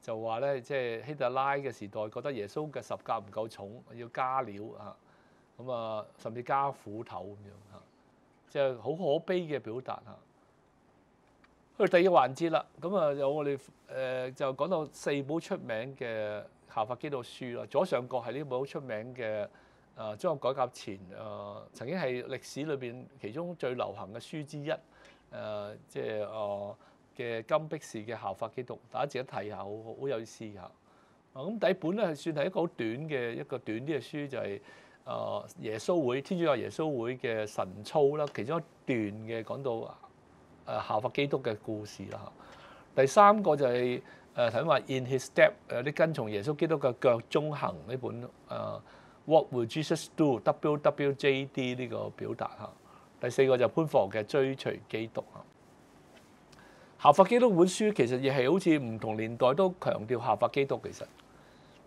就話呢，即係希特拉嘅時代覺得耶穌嘅十架唔夠重，要加料啊，咁啊甚至加斧頭咁樣嚇，即係好可悲嘅表達嚇。去第二個環節啦，咁啊有我哋誒就講到四本出名嘅。效法基督教書左上角係呢本好出名嘅，誒，中國改革前誒、呃、曾經係歷史裏邊其中最流行嘅書之一，誒、呃，即係誒嘅金碧士嘅效法基督，大家自己睇下，好好有意思吓。咁、嗯、第一本咧，算係一,一個好短嘅一個短啲嘅書，就係、是、誒、呃、耶穌會天主教耶穌會嘅神操啦，其中一段嘅講到誒效法基督嘅故事啦、啊。第三個就係、是。誒頭先話 In His Step 誒啲跟從耶穌基督嘅腳蹤行呢本 What would Jesus do W W J D 呢個表達，第四個就潘霍嘅追隨基督嚇。效法基督本書其實亦係好似唔同年代都強調效法基督，其實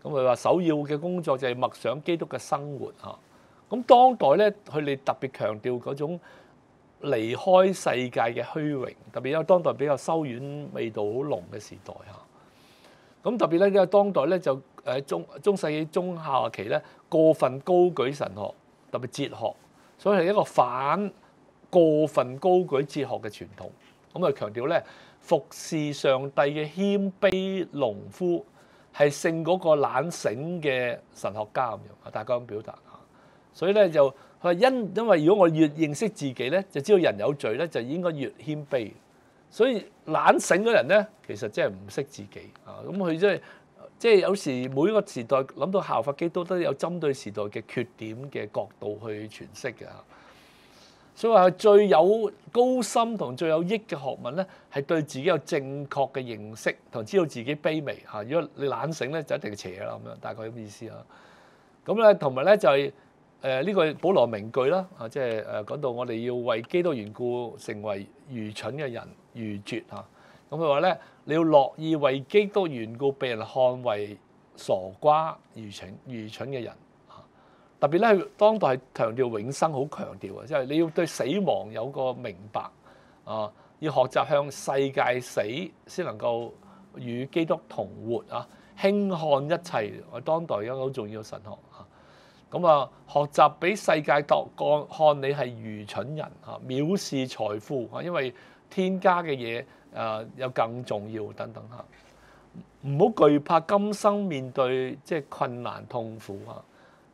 咁佢話首要嘅工作就係默想基督嘅生活嚇。咁當代咧，佢哋特別強調嗰種離開世界嘅虛榮，特別因為當代比較修院味道好濃嘅時代咁特別咧，呢個當代咧就誒中中世紀中下期咧過分高舉神學，特別哲學，所以係一個反過分高舉哲學嘅傳統。咁啊強調咧服侍上帝嘅謙卑農夫係勝嗰個懶醒嘅神學家咁樣。大家咁表達啊？所以咧就佢話因因為如果我越認識自己咧，就知道人有罪咧，就應該越謙卑。所以懶醒嘅人咧，其實真係唔識自己啊！咁佢即係即係有時每一個時代諗到效法基督，都有針對時代嘅缺點嘅角度去詮釋嘅嚇。所以話最有高深同最有益嘅學問咧，係對自己有正確嘅認識同知道自己卑微嚇。如果你懶醒咧，就一定邪啦咁樣，大概咁意思咯。咁咧、就是，同埋咧就係誒呢個保羅名句啦啊，即係誒講到我哋要為基督緣故成為愚蠢嘅人。愚絕嚇，咁佢話咧，你要樂意為基督緣故被人看為傻瓜、愚蠢、愚蠢嘅人嚇。特別咧，係當代強調永生，好強調嘅，即係你要對死亡有個明白啊，要學習向世界死，先能夠與基督同活啊。輕看一切，係當代一個好重要神學嚇。咁啊，啊，學習俾世界度幹看你係愚蠢人嚇、啊，藐視財富啊，因為添加嘅嘢，誒有更重要等等嚇，唔好懼怕今生面對即係困難痛苦嚇。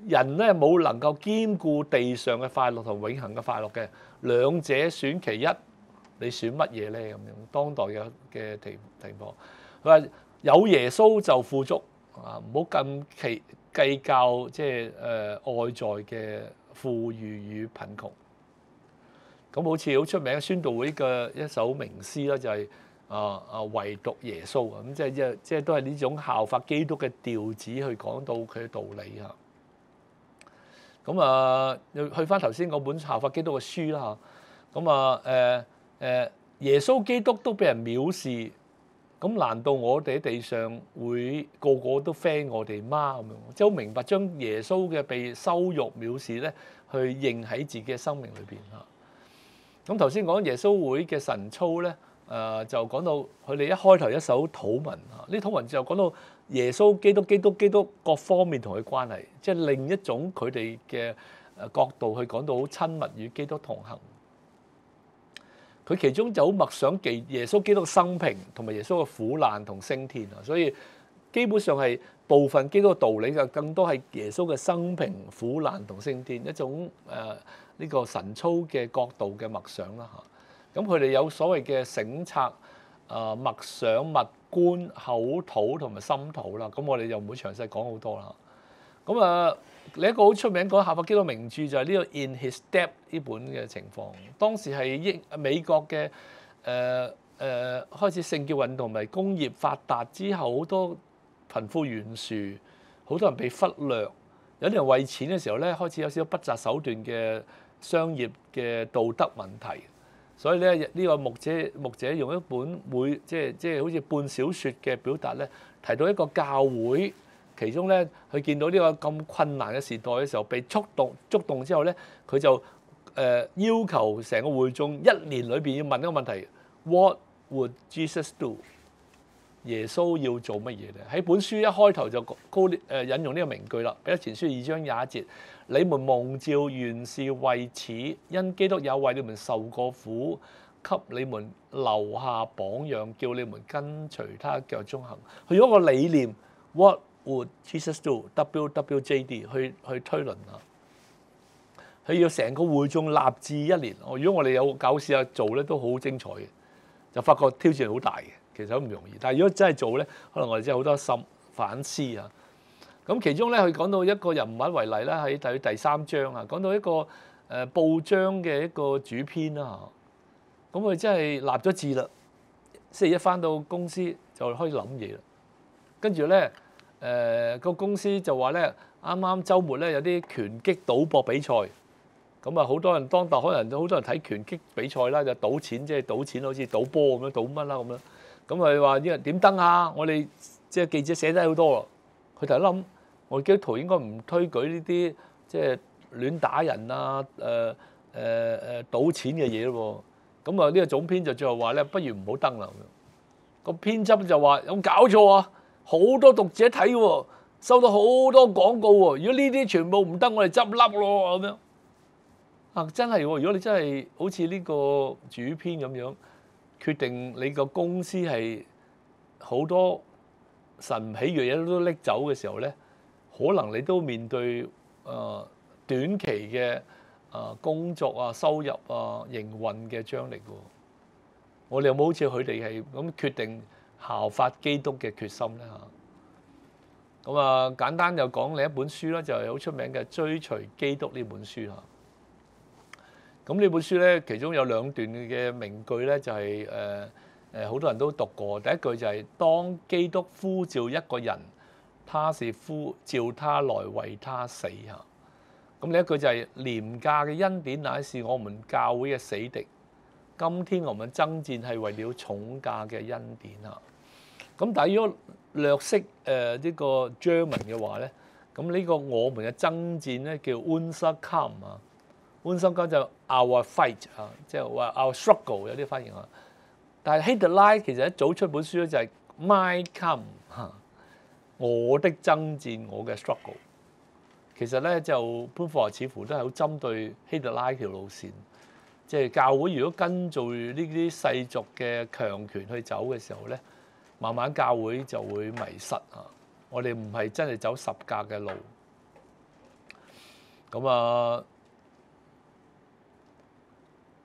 人咧冇能夠兼顧地上嘅快樂同永恆嘅快樂嘅，兩者選其一，你選乜嘢咧咁樣？當代嘅嘅地地方，佢話有耶穌就富足啊，唔好咁其計較即係誒外在嘅富裕與貧窮。咁好似好出名宣道會嘅一首名詩啦，就係啊啊唯獨耶穌咁，即係即係都係呢種效法基督嘅調子去講到佢嘅道理啊。咁啊，又去翻頭先嗰本效法基督嘅書啦嚇。咁啊誒誒，耶穌基督都俾人藐視，咁難道我哋喺地上會個個都 friend 我哋媽咁樣？即係好明白將耶穌嘅被羞辱藐視咧，去認喺自己嘅生命裏邊嚇。咁頭先講耶穌會嘅神操咧，誒就講到佢哋一開頭一首禱文啊，呢禱文就講到耶穌基督基督基督各方面同佢關係，即係另一種佢哋嘅誒角度去講到好親密與基督同行。佢其中就好默想記耶穌基督嘅生平同埋耶穌嘅苦難同升天啊，所以基本上係部分基督嘅道理就更多係耶穌嘅生平苦難同升天一種誒。呢、這個神操嘅角度嘅默想啦吓，咁佢哋有所謂嘅省察、啊默想、默觀、口禱同埋心禱啦，咁我哋就唔會詳細講好多啦。咁啊，另一個好出名講《效法基督》名著就係呢、這個《In His Depth》呢本嘅情況。當時係英美國嘅誒誒開始聖潔運動，咪工業發達之後好多貧富懸殊，好多人被忽略，有啲人為錢嘅時候咧開始有少少不擇手段嘅。商業嘅道德問題，所以咧呢個牧者牧者用一本會即係即係好似半小説嘅表達咧，提到一個教會，其中咧佢見到呢個咁困難嘅時代嘅時候，被觸動觸動之後咧，佢就，呃，要求成個會眾一年裏面要問一個問題：What would Jesus do？耶穌要做乜嘢咧？喺本書一開頭就高引用呢個名句啦，彼得前書二章廿一節：你們蒙召原是為此，因基督有為你們受過苦，給你們留下榜樣，叫你們跟隨他腳中行。佢用一個理念，What would Jesus do？W W J D 去去推論啦。佢要成個會眾立志一年。如果我哋有搞試吓做咧，都好精彩嘅，就發覺挑戰好大嘅。其實都唔容易，但係如果真係做呢，可能我哋真係好多心反思啊。咁其中呢，佢講到一個人物為例啦，喺第第三章啊，講到一個誒，報章嘅一個主編啦。咁佢真係立咗志啦，即係一翻到公司就開始諗嘢啦。跟住呢，誒，個公司就話呢，啱啱周末呢，有啲拳擊賭博比賽，咁啊好多人當特，可能好多人睇拳擊比賽啦，就賭錢，即係賭錢，好似賭波咁樣，賭乜啦咁樣。咁佢話：呢個人點登啊！我哋即係記者寫得好多啦。佢就諗，我哋基督徒應該唔推舉呢啲即係亂打人啊、誒誒誒賭錢嘅嘢咯噃。咁啊，呢個總編就最後話咧，不如唔好登啦。個編輯就話：有冇搞錯啊？好多讀者睇喎、啊，收到好多廣告喎、啊。如果呢啲全部唔登，我哋執笠咯咁樣。啊，真係！如果你真係好似呢個主編咁樣。決定你個公司係好多神起嘅嘢都拎走嘅時候咧，可能你都面對誒短期嘅誒工作啊、收入啊、營運嘅張力喎。我哋有冇好似佢哋係咁決定效法基督嘅決心咧嚇？咁啊，簡單就講另一本書啦，就係好出名嘅《追隨基督》呢本書嚇。咁呢本書咧，其中有兩段嘅名句咧，就係誒誒好多人都讀過。第一句就係當基督呼召一個人，他是呼召他來為他死嚇。咁另一句就係廉價嘅恩典，乃是我們教會嘅死敵。今天我們嘅爭戰係為了重價嘅恩典嚇。咁但係如果略識誒呢個 German 嘅話咧，咁呢個我們嘅爭戰咧叫 unser Kampf 啊。本心講就 our fight 啊，即係話 our struggle 有啲翻譯啊。但係希特拉其實一早出本書咧就係 my come 嚇，我的爭戰，我嘅 struggle。其實咧就潘霍華似乎都係好針對希特拉條路線。即係教會如果跟住呢啲世俗嘅強權去走嘅時候咧，慢慢教會就會迷失啊！我哋唔係真係走十架嘅路。咁啊～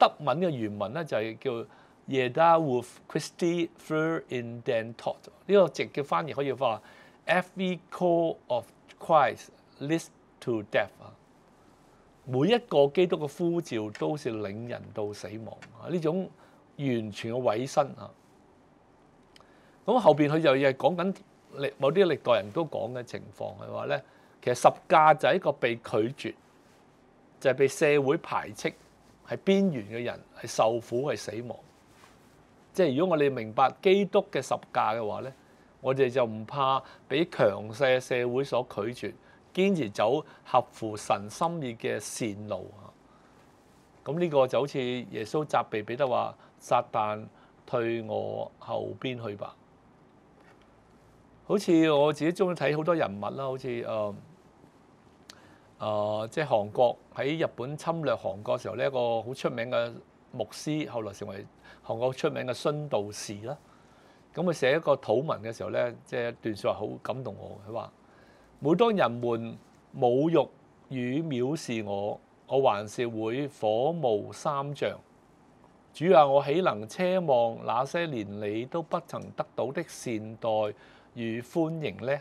德文嘅原文咧就係叫 Jeder Ruf Christi führt in den Tod。呢個直接翻譯可以話 Every call of Christ leads to death 啊。每一個基督嘅呼召都是領人到死亡啊！呢種完全嘅委身啊。咁後邊佢就係講緊歷某啲歷代人都講嘅情況係話咧，其實十架就係一個被拒絕，就係被社會排斥。，係邊緣嘅人，係受苦，係死亡，即係如果我哋明白基督嘅十架嘅話咧，我哋就唔怕俾強勢社會所拒絕，堅持走合乎神心意嘅線路啊！咁呢個就好似耶穌責備彼得話：撒旦退我後邊去吧！好似我自己中意睇好多人物啦，好似誒。呃、即係韓國喺日本侵略韓國嘅時候，呢一個好出名嘅牧師，後來成為韓國出名嘅殉道士啦。咁佢寫一個禱文嘅時候呢，即係段説話好感動我。佢話：每當人們侮辱與藐視我，我還是會火冒三丈。主啊，我豈能奢望那些年你都不曾得到的善待與歡迎呢？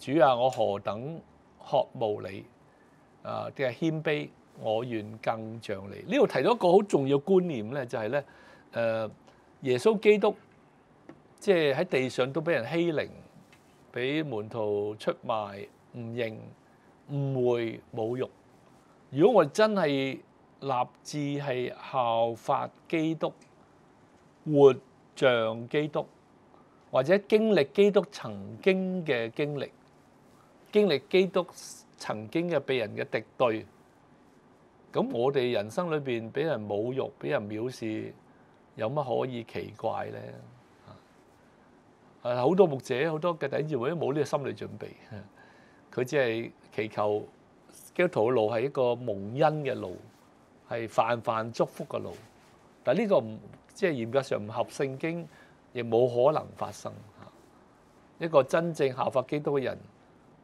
主啊，我何等渴慕你！啊！即係謙卑，我願更像你。呢度提到一個好重要觀念咧，就係咧，誒耶穌基督即係喺地上都俾人欺凌，俾門徒出賣、唔認、誤會、侮辱。如果我真係立志係效法基督，活像基督，或者經歷基督曾經嘅經歷，經歷基督。曾經嘅被人嘅敵對，咁我哋人生裏邊俾人侮辱、俾人藐視，有乜可以奇怪咧？啊，好多牧者、好多嘅弟兄會都冇呢個心理準備，佢只係祈求基督徒嘅路係一個蒙恩嘅路，係泛泛祝福嘅路。但係呢個唔即係嚴格上唔合聖經，亦冇可能發生。一個真正效法基督嘅人。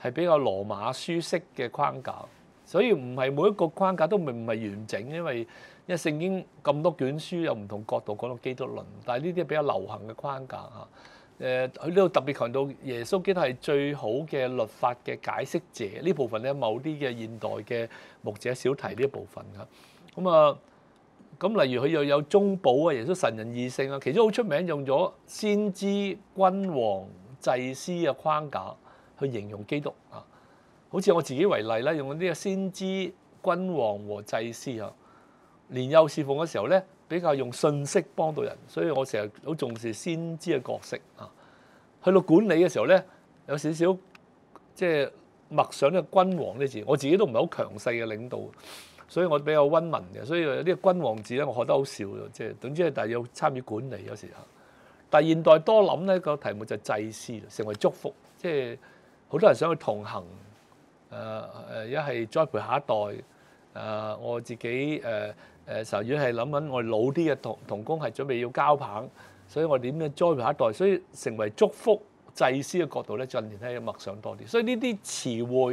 係比較羅馬書式嘅框架，所以唔係每一個框架都唔唔係完整，因為聖經咁多卷書有唔同角度講到基督論，但係呢啲比較流行嘅框架嚇。誒，佢呢度特別強調耶穌基督係最好嘅律法嘅解釋者呢部分咧，某啲嘅現代嘅牧者少提呢一部分。咁啊，咁例如佢又有中保啊，耶穌神人二性啊，其中好出名用咗先知、君王、祭司嘅框架。去形容基督啊，好似我自己為例啦，用呢個先知、君王和祭司啊。年幼侍奉嘅時候咧，比較用信息幫到人，所以我成日好重視先知嘅角色啊。去到管理嘅時候咧，有少少即係默想啲君王啲字，我自己都唔係好強勢嘅領導，所以我比較溫文嘅，所以呢個君王字咧，我學得好少即係總之係，但係要參與管理有時啊。但係現代多諗呢個題目就係祭司，成為祝福，即係。好多人想去同行，誒誒一係栽培下一代，誒我自己誒誒，由於係諗緊我哋老啲嘅同同工係準備要交棒，所以我點樣栽培下一代？所以成為祝福祭司嘅角度咧，近年咧默想多啲。所以呢啲詞彙，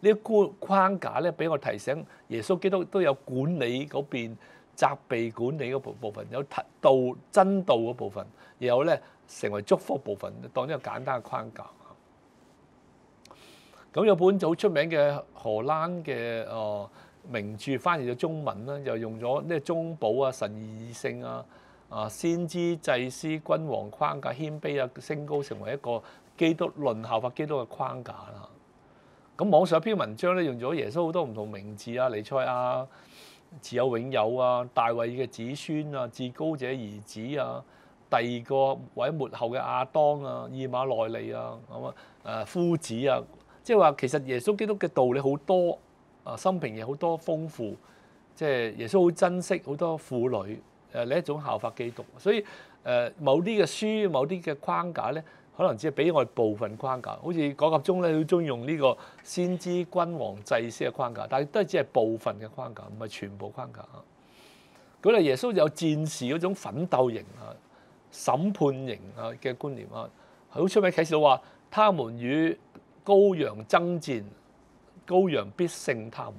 呢啲框框架咧，俾我提醒耶穌基督都有管理嗰邊責備管理嘅部分，有道真道嘅部分，有咧成為祝福部分，當一個簡單嘅框架。咁有本早出名嘅荷蘭嘅哦名著，翻譯咗中文啦，又用咗咩中保啊、神二性啊、啊先知祭司君王框架謙卑啊，升高成為一個基督論效法基督嘅框架啦。咁網上一篇文章咧，用咗耶穌好多唔同名字啊，尼塞啊、自有永有啊、大衛嘅子孫啊、至高者兒子啊、第二個或者末後嘅亞當啊、以馬內利啊，咁啊誒夫子啊。即係話其實耶穌基督嘅道理好多，啊生平嘢好多豐富。即、就、係、是、耶穌好珍惜好多婦女，誒、啊、呢一種效法基督。所以誒、呃、某啲嘅書、某啲嘅框架咧，可能只係俾我哋部分框架。好似《改革中》咧，好鍾意用呢個先知君王祭司嘅框架，但係都係只係部分嘅框架，唔係全部框架。咁啊，耶穌有戰士嗰種奮鬥型啊、審判型啊嘅觀念啊，好出名啟示到話，他們與羔羊爭戰，羔羊必勝他們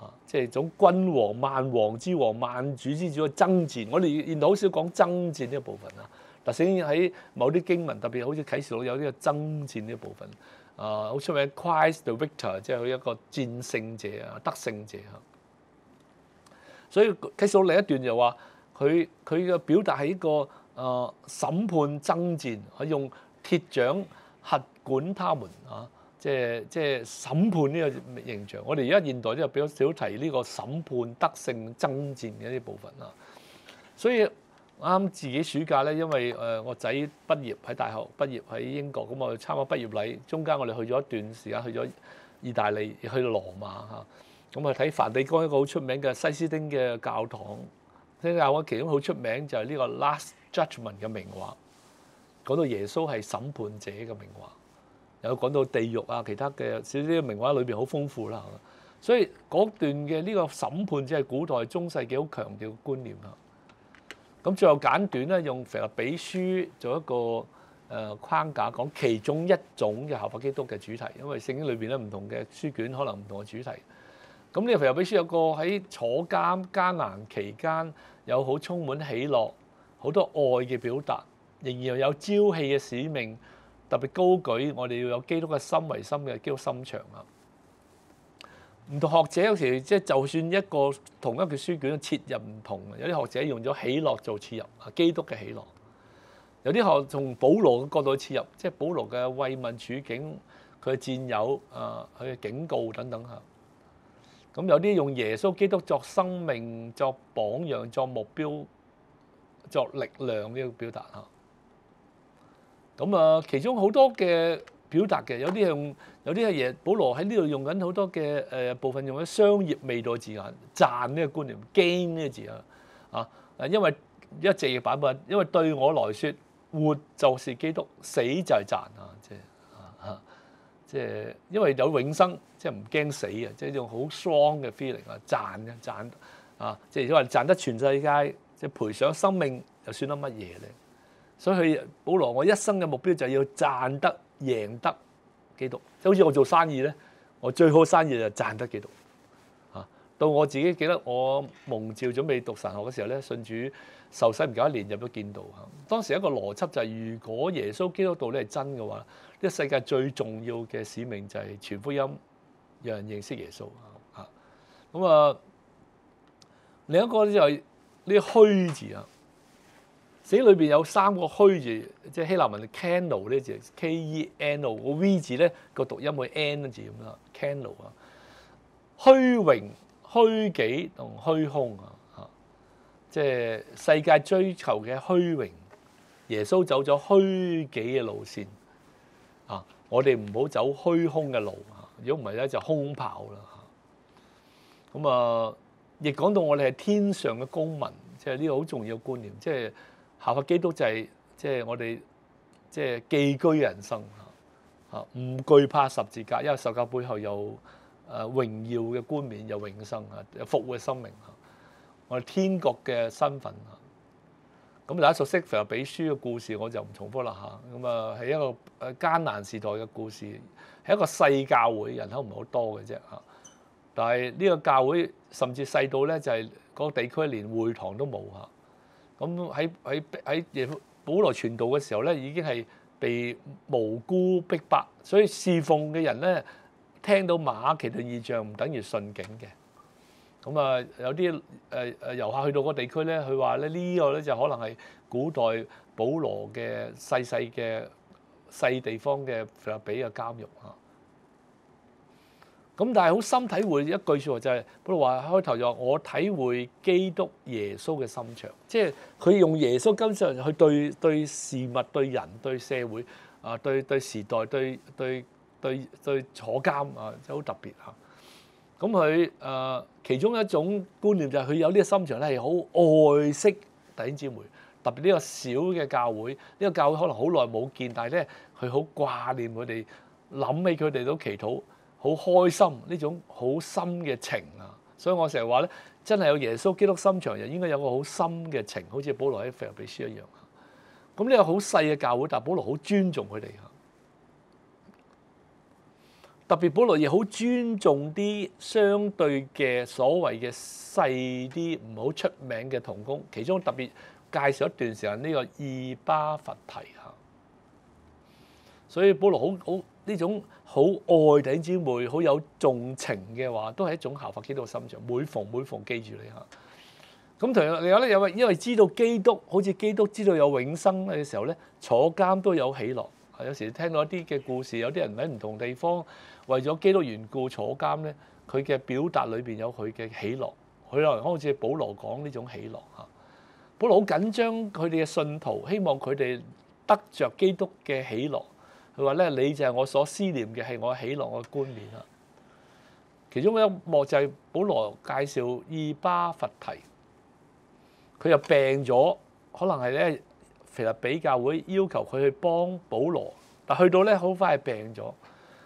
啊！即係種君王、萬王之王、萬主之主嘅爭戰。我哋現到好少講爭戰呢一部分啦。但係喺某啲經文，特別好似啟示錄有呢個爭戰呢一部分啊，好出名。Christ the Victor，即係佢一個戰勝者啊，得勝者啊。所以啟示錄另一段就話佢佢嘅表達係一個誒審判爭戰，佢用鐵掌。核管他們啊，即係即係審判呢個形象。我哋而家現代都比較少提呢個審判得勝爭戰嘅一啲部分啊。所以啱自己暑假咧，因為誒我仔畢業喺大學畢業喺英國，咁我參加畢業禮中間，我哋去咗一段時間去咗意大利，去羅馬吓，咁啊睇梵蒂岡一個好出名嘅西斯丁嘅教堂。西斯丁教堂其中好出名就係呢個《Last Judgment》嘅名畫。講到耶穌係審判者嘅名話，有講到地獄啊，其他嘅少少名話裏邊好豐富啦。所以嗰段嘅呢、這個審判者係古代中世紀好強調嘅觀念啦。咁最後簡短咧，用《腓立比書》做一個誒、呃、框架，講其中一種嘅效法基督嘅主題。因為聖經裏邊咧唔同嘅書卷可能唔同嘅主題。咁呢個《腓立比書》有個喺坐監艱難期間，有好充滿喜樂、好多愛嘅表達。仍然有朝氣嘅使命，特別高舉我哋要有基督嘅心為心嘅基督心腸啊！唔同學者有時即係就算一個同一個書卷切入唔同，有啲學者用咗喜樂做切入啊，基督嘅喜樂；有啲學從保羅嘅角度切入，即係保羅嘅慰問處境，佢嘅戰友啊，佢嘅警告等等嚇。咁有啲用耶穌基督作生命、作榜樣、作目標、作力量呢個表達嚇。咁啊，其中好多嘅表達嘅，有啲係用，有啲係嘢。保羅喺呢度用緊好多嘅誒、呃、部分，用咗商業味道的字眼，賺呢個觀念，驚呢個字啊啊！因為一借嘅版本，因為對我來說，活就是基督，死就係賺啊，即、就、係、是、啊即係、就是、因為有永生，即係唔驚死、就是、啊，即係用好 strong 嘅 feeling 啊，賺嘅賺啊，即係如果話賺得全世界，即、就、係、是、賠上生命又算得乜嘢咧？所以保羅，我一生嘅目標就係要賺得贏得基督，就好似我做生意咧，我最好生意就係賺得基督。嚇，到我自己記得我蒙召準備讀神學嘅時候咧，信主受洗唔夠一年入咗見到。嚇。當時一個邏輯就係，如果耶穌基督道咧係真嘅話，呢個世界最重要嘅使命就係傳福音，讓人認識耶穌嚇。咁啊，另一個咧就係呢虛字啊。死裏邊有三個虛字，即係希臘文嘅 keno 咧，就 K-E-N-O 個 -E、V 字咧個讀音好似 N 字咁啦，keno 啊，-E、虛榮、虛己同虛空啊，嚇！即係世界追求嘅虛榮，耶穌走咗虛己嘅路線啊！我哋唔好走虛空嘅路啊！如果唔係咧，就空跑啦嚇。咁啊，亦講到我哋係天上嘅公民，即係呢個好重要嘅觀念，即係。效法基督就係即係我哋即係寄居人生嚇嚇，唔懼怕十字架，因為十字架背後有誒榮耀嘅冠冕，有永生啊，有復活嘅生命啊，我哋天國嘅身份啊。咁大家熟悉腓立比書嘅故事，我就唔重複啦嚇。咁啊，係一個誒艱難時代嘅故事，係一個細教會，人口唔係好多嘅啫嚇。但係呢個教會甚至細到咧，就係個地區連會堂都冇嚇。咁喺喺喺耶保羅傳道嘅時候咧，已經係被無辜逼迫，所以侍奉嘅人咧，聽到馬其頓異象唔等於順境嘅。咁啊，有啲誒誒遊客去到個地區咧，佢話咧呢個咧就可能係古代保羅嘅細細嘅細地方嘅腓立比嘅監獄啊。咁但係好深體會一句説話，就係佢話開頭就話我體會基督耶穌嘅心腸，即係佢用耶穌跟上去對對事物、對人、對社會啊、對對時代、對對對對坐監啊，即係好特別嚇。咁佢誒其中一種觀念就係佢有呢個心腸係好愛惜弟兄姊妹，特別呢個小嘅教會，呢個教會可能好耐冇見，但係咧佢好掛念佢哋，諗起佢哋都祈禱。好開心呢種好深嘅情啊！所以我成日話咧，真係有耶穌基督心腸人應該有個好深嘅情，好似保羅喺腓立比書一樣。咁呢個好細嘅教會，但係保羅好尊重佢哋嚇。特別保羅亦好尊重啲相對嘅所謂嘅細啲唔好出名嘅同工，其中特別介紹一段時間呢、呢個以巴弗提嚇。所以保羅好好。呢種好愛弟兄姊妹、好有重情嘅話，都係一種效法基督嘅心腸。每逢每逢記住你嚇。咁同樣另外咧，因為因為知道基督，好似基督知道有永生嘅時候咧，坐監都有喜樂。有時聽到一啲嘅故事，有啲人喺唔同地方為咗基督緣故坐監咧，佢嘅表達裏邊有佢嘅喜樂。佢可能好似保羅講呢種喜樂嚇。保羅好緊張佢哋嘅信徒，希望佢哋得着基督嘅喜樂。佢話咧，你就係我所思念嘅，係我喜樂嘅冠冕啦。其中一幕就係保羅介紹以巴弗提，佢又病咗，可能係咧腓立比教會要求佢去幫保羅，但去到咧好快病咗。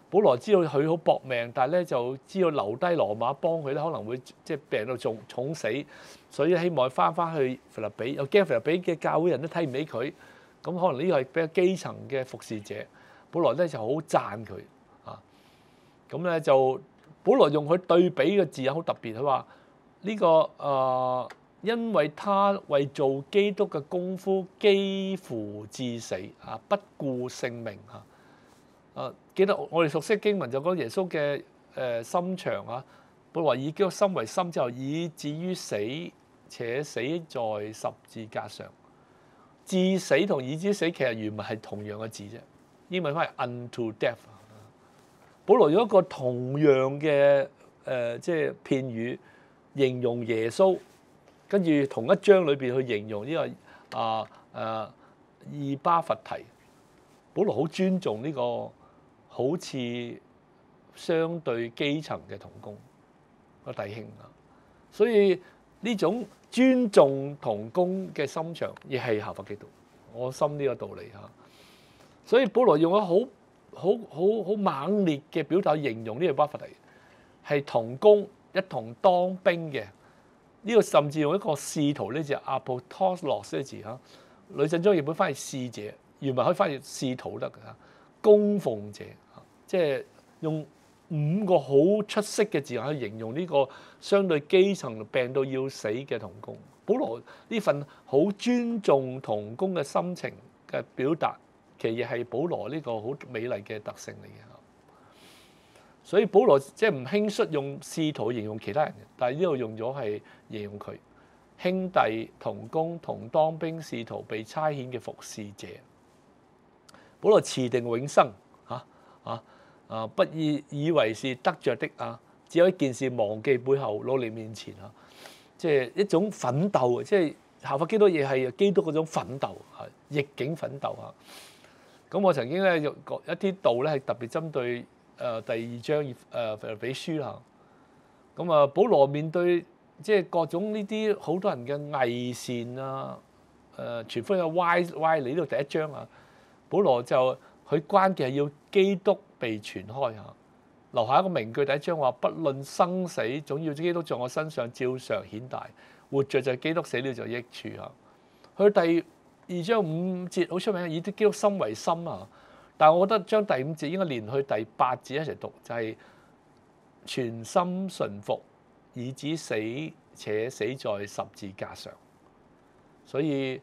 保羅知道佢好搏命，但咧就知道留低羅馬幫佢咧，可能會即係、就是、病到重重死，所以希望翻返去腓立比，又驚腓立比嘅教會人都睇唔起佢，咁可能呢個係比較基層嘅服侍者。保羅咧就好讚佢啊，咁咧就保羅用佢對比嘅字眼好特別，佢話呢個誒、呃，因為他為做基督嘅功夫幾乎至死啊，不顧性命啊。誒、啊，記得我哋熟悉經文就講耶穌嘅誒心腸啊，保羅以基督嘅心為心之後，以至於死且死在十字架上，至死同以至於死其實原文係同樣嘅字啫。英文翻嚟 unto death，保羅有一個同樣嘅、呃、即係片語形容耶穌，跟住同一章裏面去形容呢、這個啊，啊以巴弗提。保羅好尊重呢、這個好似相對基層嘅同工個弟兄啊，所以呢種尊重同工嘅心腸亦係效法基督。我深呢個道理。所以羅，保羅用咗好好好好猛烈嘅表達去形容呢個巴弗提，係同工一同當兵嘅。呢個甚至用一個使徒呢隻阿普托斯落寫嘅字嚇。呂振中原本翻譯使者，原來可以翻譯使徒得嘅嚇，供奉者即係、就是，用五個好出色嘅字去形容呢個相對基層病到要死嘅同工。保羅呢份好尊重同工嘅心情嘅表達，其實係保羅呢個好美麗嘅特性嚟嘅，所以保羅即係唔輕率用使徒形容其他人嘅，但係呢度用咗係形容佢兄弟同工同當兵使徒被差遣嘅服侍者。保羅持定永生嚇嚇啊，不以以為是得着的啊，只有一件事：忘記背後，攞嚟面前啊，即係一種奮鬥啊！即係效法基督，嘢，係基督嗰種奮鬥啊，逆境奮鬥啊！咁我曾經咧有講一啲道咧，係特別針對誒第二章誒腓立比、啊、書啦。咁啊，保羅面對即係、就是、各種呢啲好多人嘅偽善啊、誒、啊、傳福音嘅歪歪理，呢度第一章啊，保羅就佢關鍵係要基督被傳開嚇，留下一個名句第一章話、嗯嗯：，不論生死，總要基督在我身上照常顯大。活着就係基督，死了就益處嚇。佢、啊、第二章五節好出名，以啲基督心為心啊！但我覺得將第五節應該連去第八節一齊讀，就係、是、全心順服，以子死且死在十字架上。所以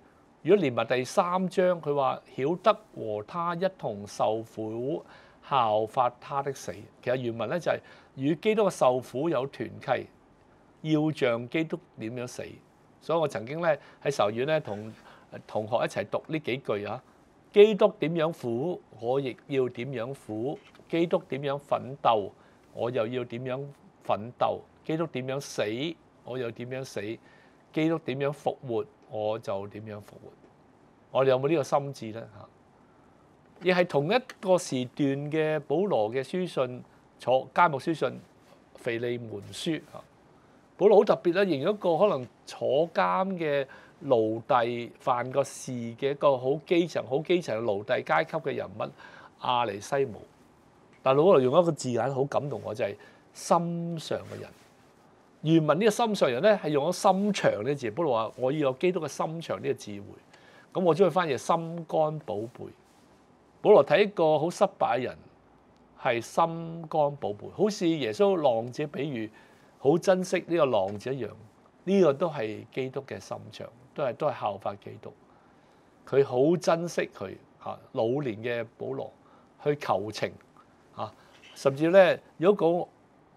如果連埋第三章，佢話曉得和他一同受苦，效法他的死。其實原文咧就係、是、與基督嘅受苦有團契，要像基督點樣死。所以我曾經咧喺仇院咧同。同學一齊讀呢幾句啊！基督點樣苦，我亦要點樣苦；基督點樣奮鬥，我又要點樣奮鬥；基督點樣死，我又點樣死；基督點樣復活，我就點樣復活。我哋有冇呢個心智呢？嚇！亦係同一個時段嘅保羅嘅書信，坐監獄書信、腓利門書嚇。保羅好特別啦，形容一個可能坐監嘅。奴隸犯過事嘅一個好基層、好基層奴隸階級嘅人物阿里西姆，但保羅用一個字眼好感動我，就係心上嘅人。原文呢個心上人呢，係用咗心腸呢字，保羅話我要有基督嘅心腸呢個智慧，咁我將佢翻譯心肝寶貝。保羅睇一個好失敗嘅人係心肝寶貝，好似耶穌浪子比喻，好珍惜呢個浪子一樣。呢個都係基督嘅心腸。都係都係效法基督，佢好珍惜佢嚇老年嘅保羅去求情嚇、啊，甚至咧，如果講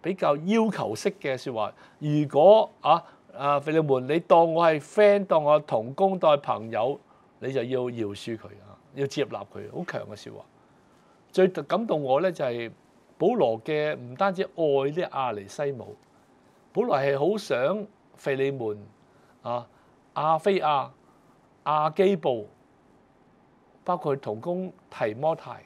比較要求式嘅説話，如果啊啊腓利門你當我係 friend，當我同工，當朋友，你就要饒恕佢嚇、啊，要接納佢，好強嘅説話。最感動我咧就係、是、保羅嘅，唔單止愛啲阿尼西姆，本來係好想腓利門啊。阿非亞、阿基布，包括同工提摩太，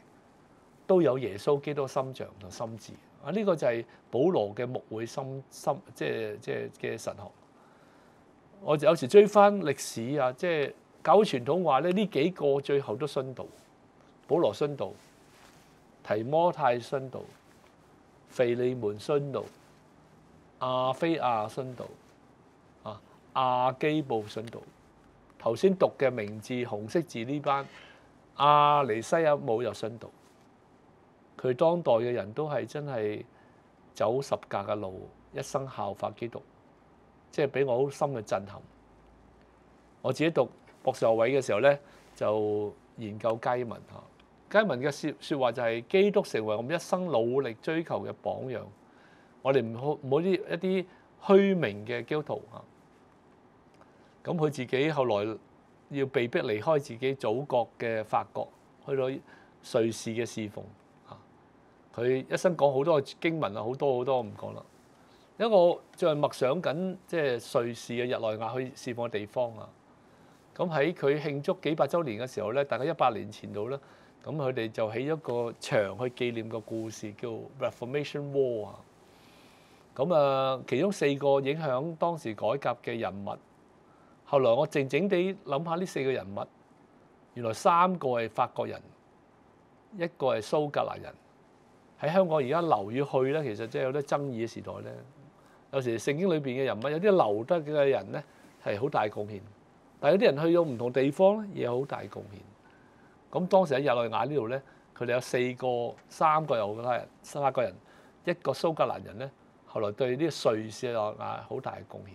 都有耶穌基督心像同心智。啊，呢、這個就係保羅嘅牧會心心，即係即係嘅神學。我就有時追翻歷史啊，即係教會傳統話咧，呢幾個最後都殉道。保羅殉道，提摩太殉道，肥利門殉道，阿非亞殉道。阿、啊、基布殉道，頭先讀嘅名字紅色字呢班阿、啊、尼西阿姆又殉道，佢當代嘅人都係真係走十架嘅路，一生效法基督，即係俾我好深嘅震撼。我自己讀博士學位嘅時候咧，就研究雞文嚇雞文嘅說説話就係、是、基督成為我們一生努力追求嘅榜樣，我哋唔好唔好啲一啲虛名嘅基督徒咁佢自己後來要被逼離開自己祖國嘅法國，去到瑞士嘅侍奉嚇。佢一生講好多經文啊，好多好多唔講啦。因為我最近默想緊，即係瑞士嘅日內瓦去侍奉嘅地方啊。咁喺佢慶祝幾百週年嘅時候咧，大概一百年前度啦。咁佢哋就起一個牆去紀念個故事，叫 Reformation Wall 啊。咁啊，其中四個影響當時改革嘅人物。後來我靜靜地諗下呢四個人物，原來三個係法國人，一個係蘇格蘭人。喺香港而家留與去呢，其實即係有啲爭議嘅時代呢。有時聖經裏邊嘅人物，有啲留得嘅人呢，係好大貢獻，但係有啲人去咗唔同地方咧，亦好大貢獻。咁當時喺日內瓦呢度呢，佢哋有四個，三個有好多人，法國人，個人一個蘇格蘭人呢。後來對呢個瑞士日內瓦好大貢獻。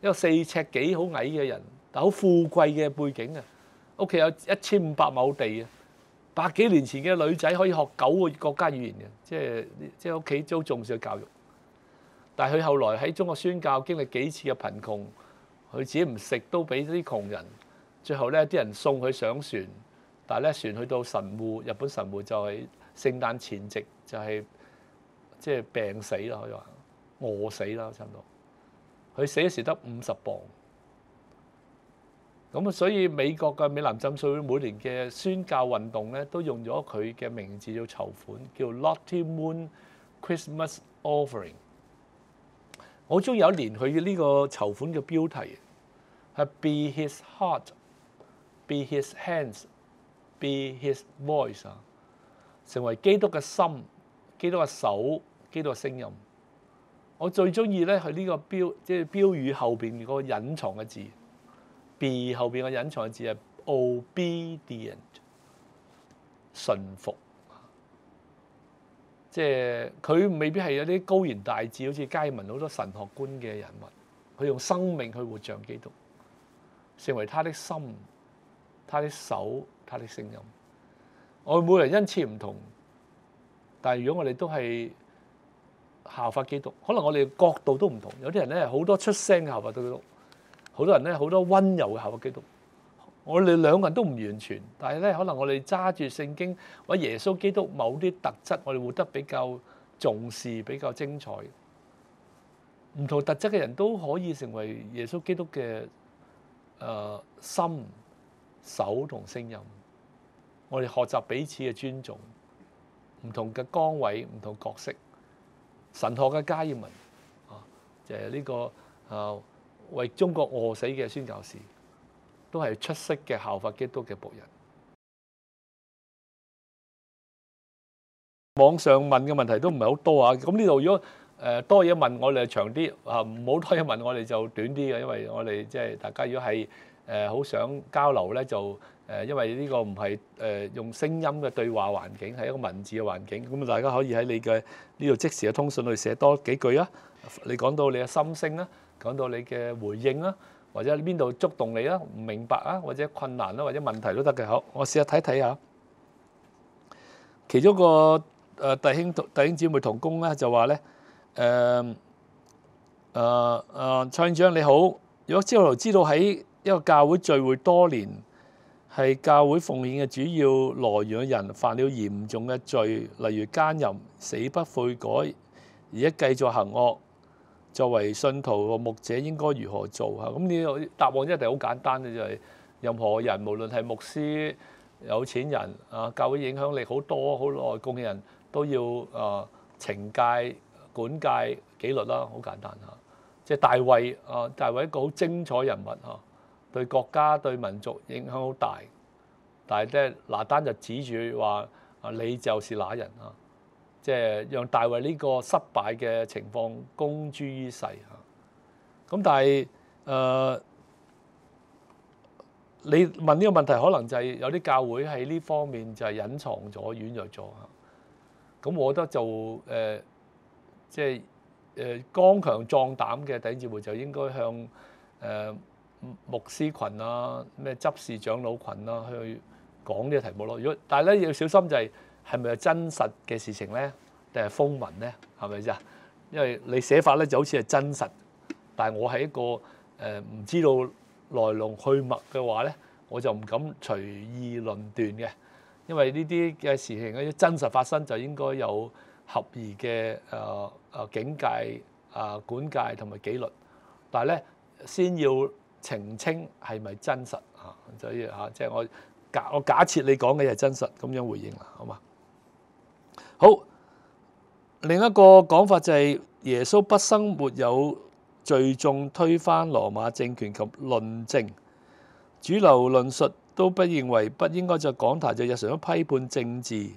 一個四尺幾好矮嘅人，但好富貴嘅背景啊！屋企有一千五百畝地啊！百幾年前嘅女仔可以學九個國家語言嘅，即係即係屋企都重視教育。但係佢後來喺中國宣教，經歷幾次嘅貧窮，佢自己唔食都俾啲窮人。最後呢，啲人送佢上船，但係呢船去到神戶，日本神戶就係聖誕前夕，就係即係病死啦，可以話餓死啦，差唔多。佢死時得五十磅，咁啊，所以美國嘅美南浸信會每年嘅宣教運動咧，都用咗佢嘅名字叫籌款，叫 Lottie Moon Christmas Offering。我鍾意有一年佢呢個籌款嘅標題係 Be His Heart, Be His Hands, Be His Voice 啊，成為基督嘅心、基督嘅手、基督嘅聲音。我最中意咧，佢呢個標，即係標語後面嗰個隱藏嘅字，B 後面嘅隱藏嘅字係 obedient，順服。即係佢未必係有啲高言大志，好似街文好多神學觀嘅人物，佢用生命去活像基督，成為他的心、他的手、他的聲音。我每人恩賜唔同，但係如果我哋都係。效法基督，可能我哋角度都唔同。有啲人咧好多出聲嘅效法基督，好多人咧好多溫柔嘅效法基督。我哋兩個人都唔完全，但係咧可能我哋揸住聖經或耶穌基督某啲特質，我哋活得比較重視，比較精彩。唔同特質嘅人都可以成為耶穌基督嘅誒心手同聲音。我哋學習彼此嘅尊重，唔同嘅崗位，唔同角色。神學嘅嘉義文，啊，就係、是、呢個啊為中國餓死嘅宣教士，都係出色嘅效法基督嘅僕人。網上問嘅問題都唔係好多啊，咁呢度如果誒多嘢問我哋就長啲，啊唔好多嘢問我哋就短啲嘅，因為我哋即係大家如果係誒好想交流咧就。誒，因為呢個唔係誒用聲音嘅對話環境，係一個文字嘅環境，咁啊，大家可以喺你嘅呢度即時嘅通訊裏寫多幾句啊。你講到你嘅心聲啦，講到你嘅回應啦，或者喺邊度觸動你啦，唔明白啊，或者困難啦，或者問題都得嘅。好，我試下睇睇下。其中個誒弟兄弟兄姊妹同工咧就話咧誒誒誒蔡院長你好，如果朝頭知道喺一個教會聚會多年。係教會奉獻嘅主要來源嘅人犯了嚴重嘅罪，例如姦淫、死不悔改，而且繼續行惡。作為信徒嘅牧者，應該如何做啊？咁你答案一定好簡單嘅，就係任何人，無論係牧師、有錢人啊、教會影響力好多、好內功嘅人，都要啊懲戒、管戒、紀律啦，好簡單啊！即係大衛啊，大衛一個好精彩人物啊！對國家對民族影響好大，但係咧拿單就指住話：啊，你就是那人啊！即、就、係、是、讓大衛呢個失敗嘅情況公諸於世嚇。咁但係誒、呃，你問呢個問題，可能就係有啲教會喺呢方面就係隱藏咗、軟弱咗嚇。咁、嗯、我覺得就誒，即係誒剛強壯膽嘅第二節就應該向誒。呃牧師群啊，咩執事長老群啊，去講呢個題目咯。如果但係咧，要小心就係係咪真實嘅事情咧，定係風聞咧？係咪先啊？因為你寫法咧就好似係真實，但係我係一個誒唔、呃、知道來龍去脈嘅話咧，我就唔敢隨意論斷嘅。因為呢啲嘅事情真實發生就應該有合宜嘅誒誒警戒啊、呃、管戒同埋紀律，但係咧先要。澄清係咪真實啊？所以吓，即、就、係、是、我，我假我假設你講嘅嘢真實，咁樣回應啦，好嘛？好，另一個講法就係耶穌不生沒有最重推翻羅馬政權及論證，主流論述都不認為不應該在講台就日常都批判政治。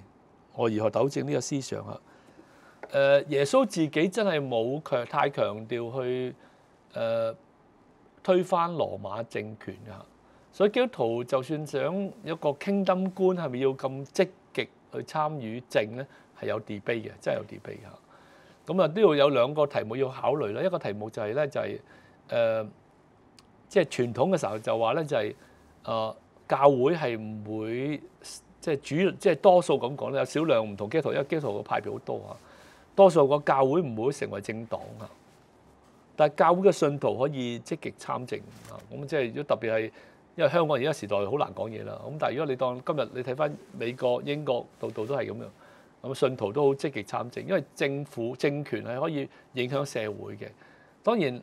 我如何糾正呢個思想啊、呃？耶穌自己真係冇強太強調去、呃推翻羅馬政權啊！所以基督徒就算想一個傾登官，係咪要咁積極去參與政咧？係有 debate 嘅，真係有 debate 嚇。咁啊都要有兩個題目要考慮啦。一個題目就係、是、咧就係、是、誒，即、呃、係、就是、傳統嘅時候就話咧就係、是呃、教會係唔會即係、就是、主即係、就是、多數咁講咧，有少量唔同基督徒，因為基督徒嘅派別好多啊。多數個教會唔會成為政黨啊。但教會嘅信徒可以積極參政啊！咁即係如果特別係因為香港而家時代好難講嘢啦。咁但係如果你當今日你睇返美國、英國，度度都係咁樣咁，信徒都好積極參政，因為政府政權係可以影響社會嘅。當然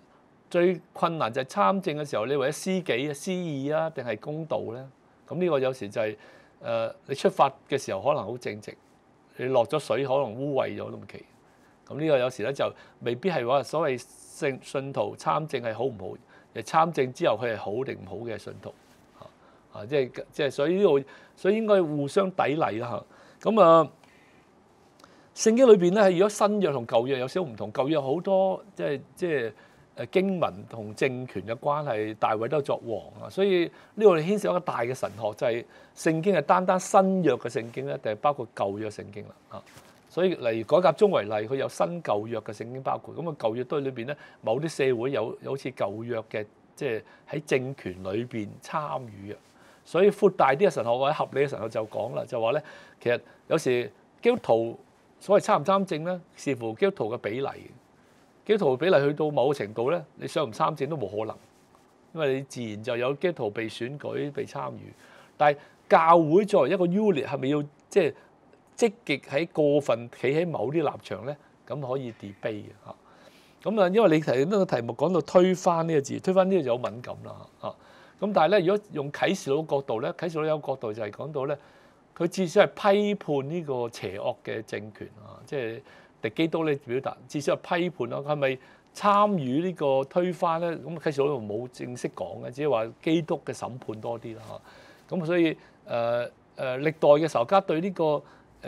最困難就係參政嘅時候，你為咗私己啊、私意啊，定係公道咧？咁呢個有時就係、是、誒、呃、你出發嘅時候可能好正直，你落咗水可能污穢咗都唔奇。咁呢個有時咧就未必係話所謂。信信徒參政係好唔好？誒，參政之後佢係好定唔好嘅信徒？嚇啊！即係即係所以呢度所以所以應該互相砥礪啦嚇。咁啊，聖經裏邊咧係如果新約同舊約有少少唔同，舊約好多即係即係誒，經文同政權嘅關係，大衛都作王啊。所以呢度牽涉一個大嘅神學，就係、是、聖經係單單新約嘅聖經咧，定係包括舊約聖經啦？嚇！所以，例如改革宗為例，佢有新舊約嘅聖經包括。咁啊，舊約堆裏邊咧，某啲社會有有好似舊約嘅，即係喺政權裏邊參與啊。所以寬大啲嘅神學或者合理嘅神學就講啦，就話咧，其實有時基督徒所謂參唔參政咧，視乎基督徒嘅比例。基督徒嘅比例去到某個程度咧，你想唔參政都冇可能，因為你自然就有基督徒被選舉、被參與。但係教會作為一個 unit，係咪要即係？即係積極喺過分企喺某啲立場咧，咁可以 debate 嘅嚇。咁、嗯、啊，因為你提呢個題目講到推翻呢個字，推翻呢個就好敏感啦嚇。咁、嗯、但係咧，如果用啟示錄角度咧，啟示錄有個角度就係講到咧，佢至少係批判呢個邪惡嘅政權啊，即係敵基督咧表達，至少係批判咯。佢係咪參與呢個推翻咧？咁、嗯、啟示錄度冇正式講嘅，只係話基督嘅審判多啲啦嚇。咁、啊、所以誒誒、呃呃，歷代嘅仇家對呢、這個。誒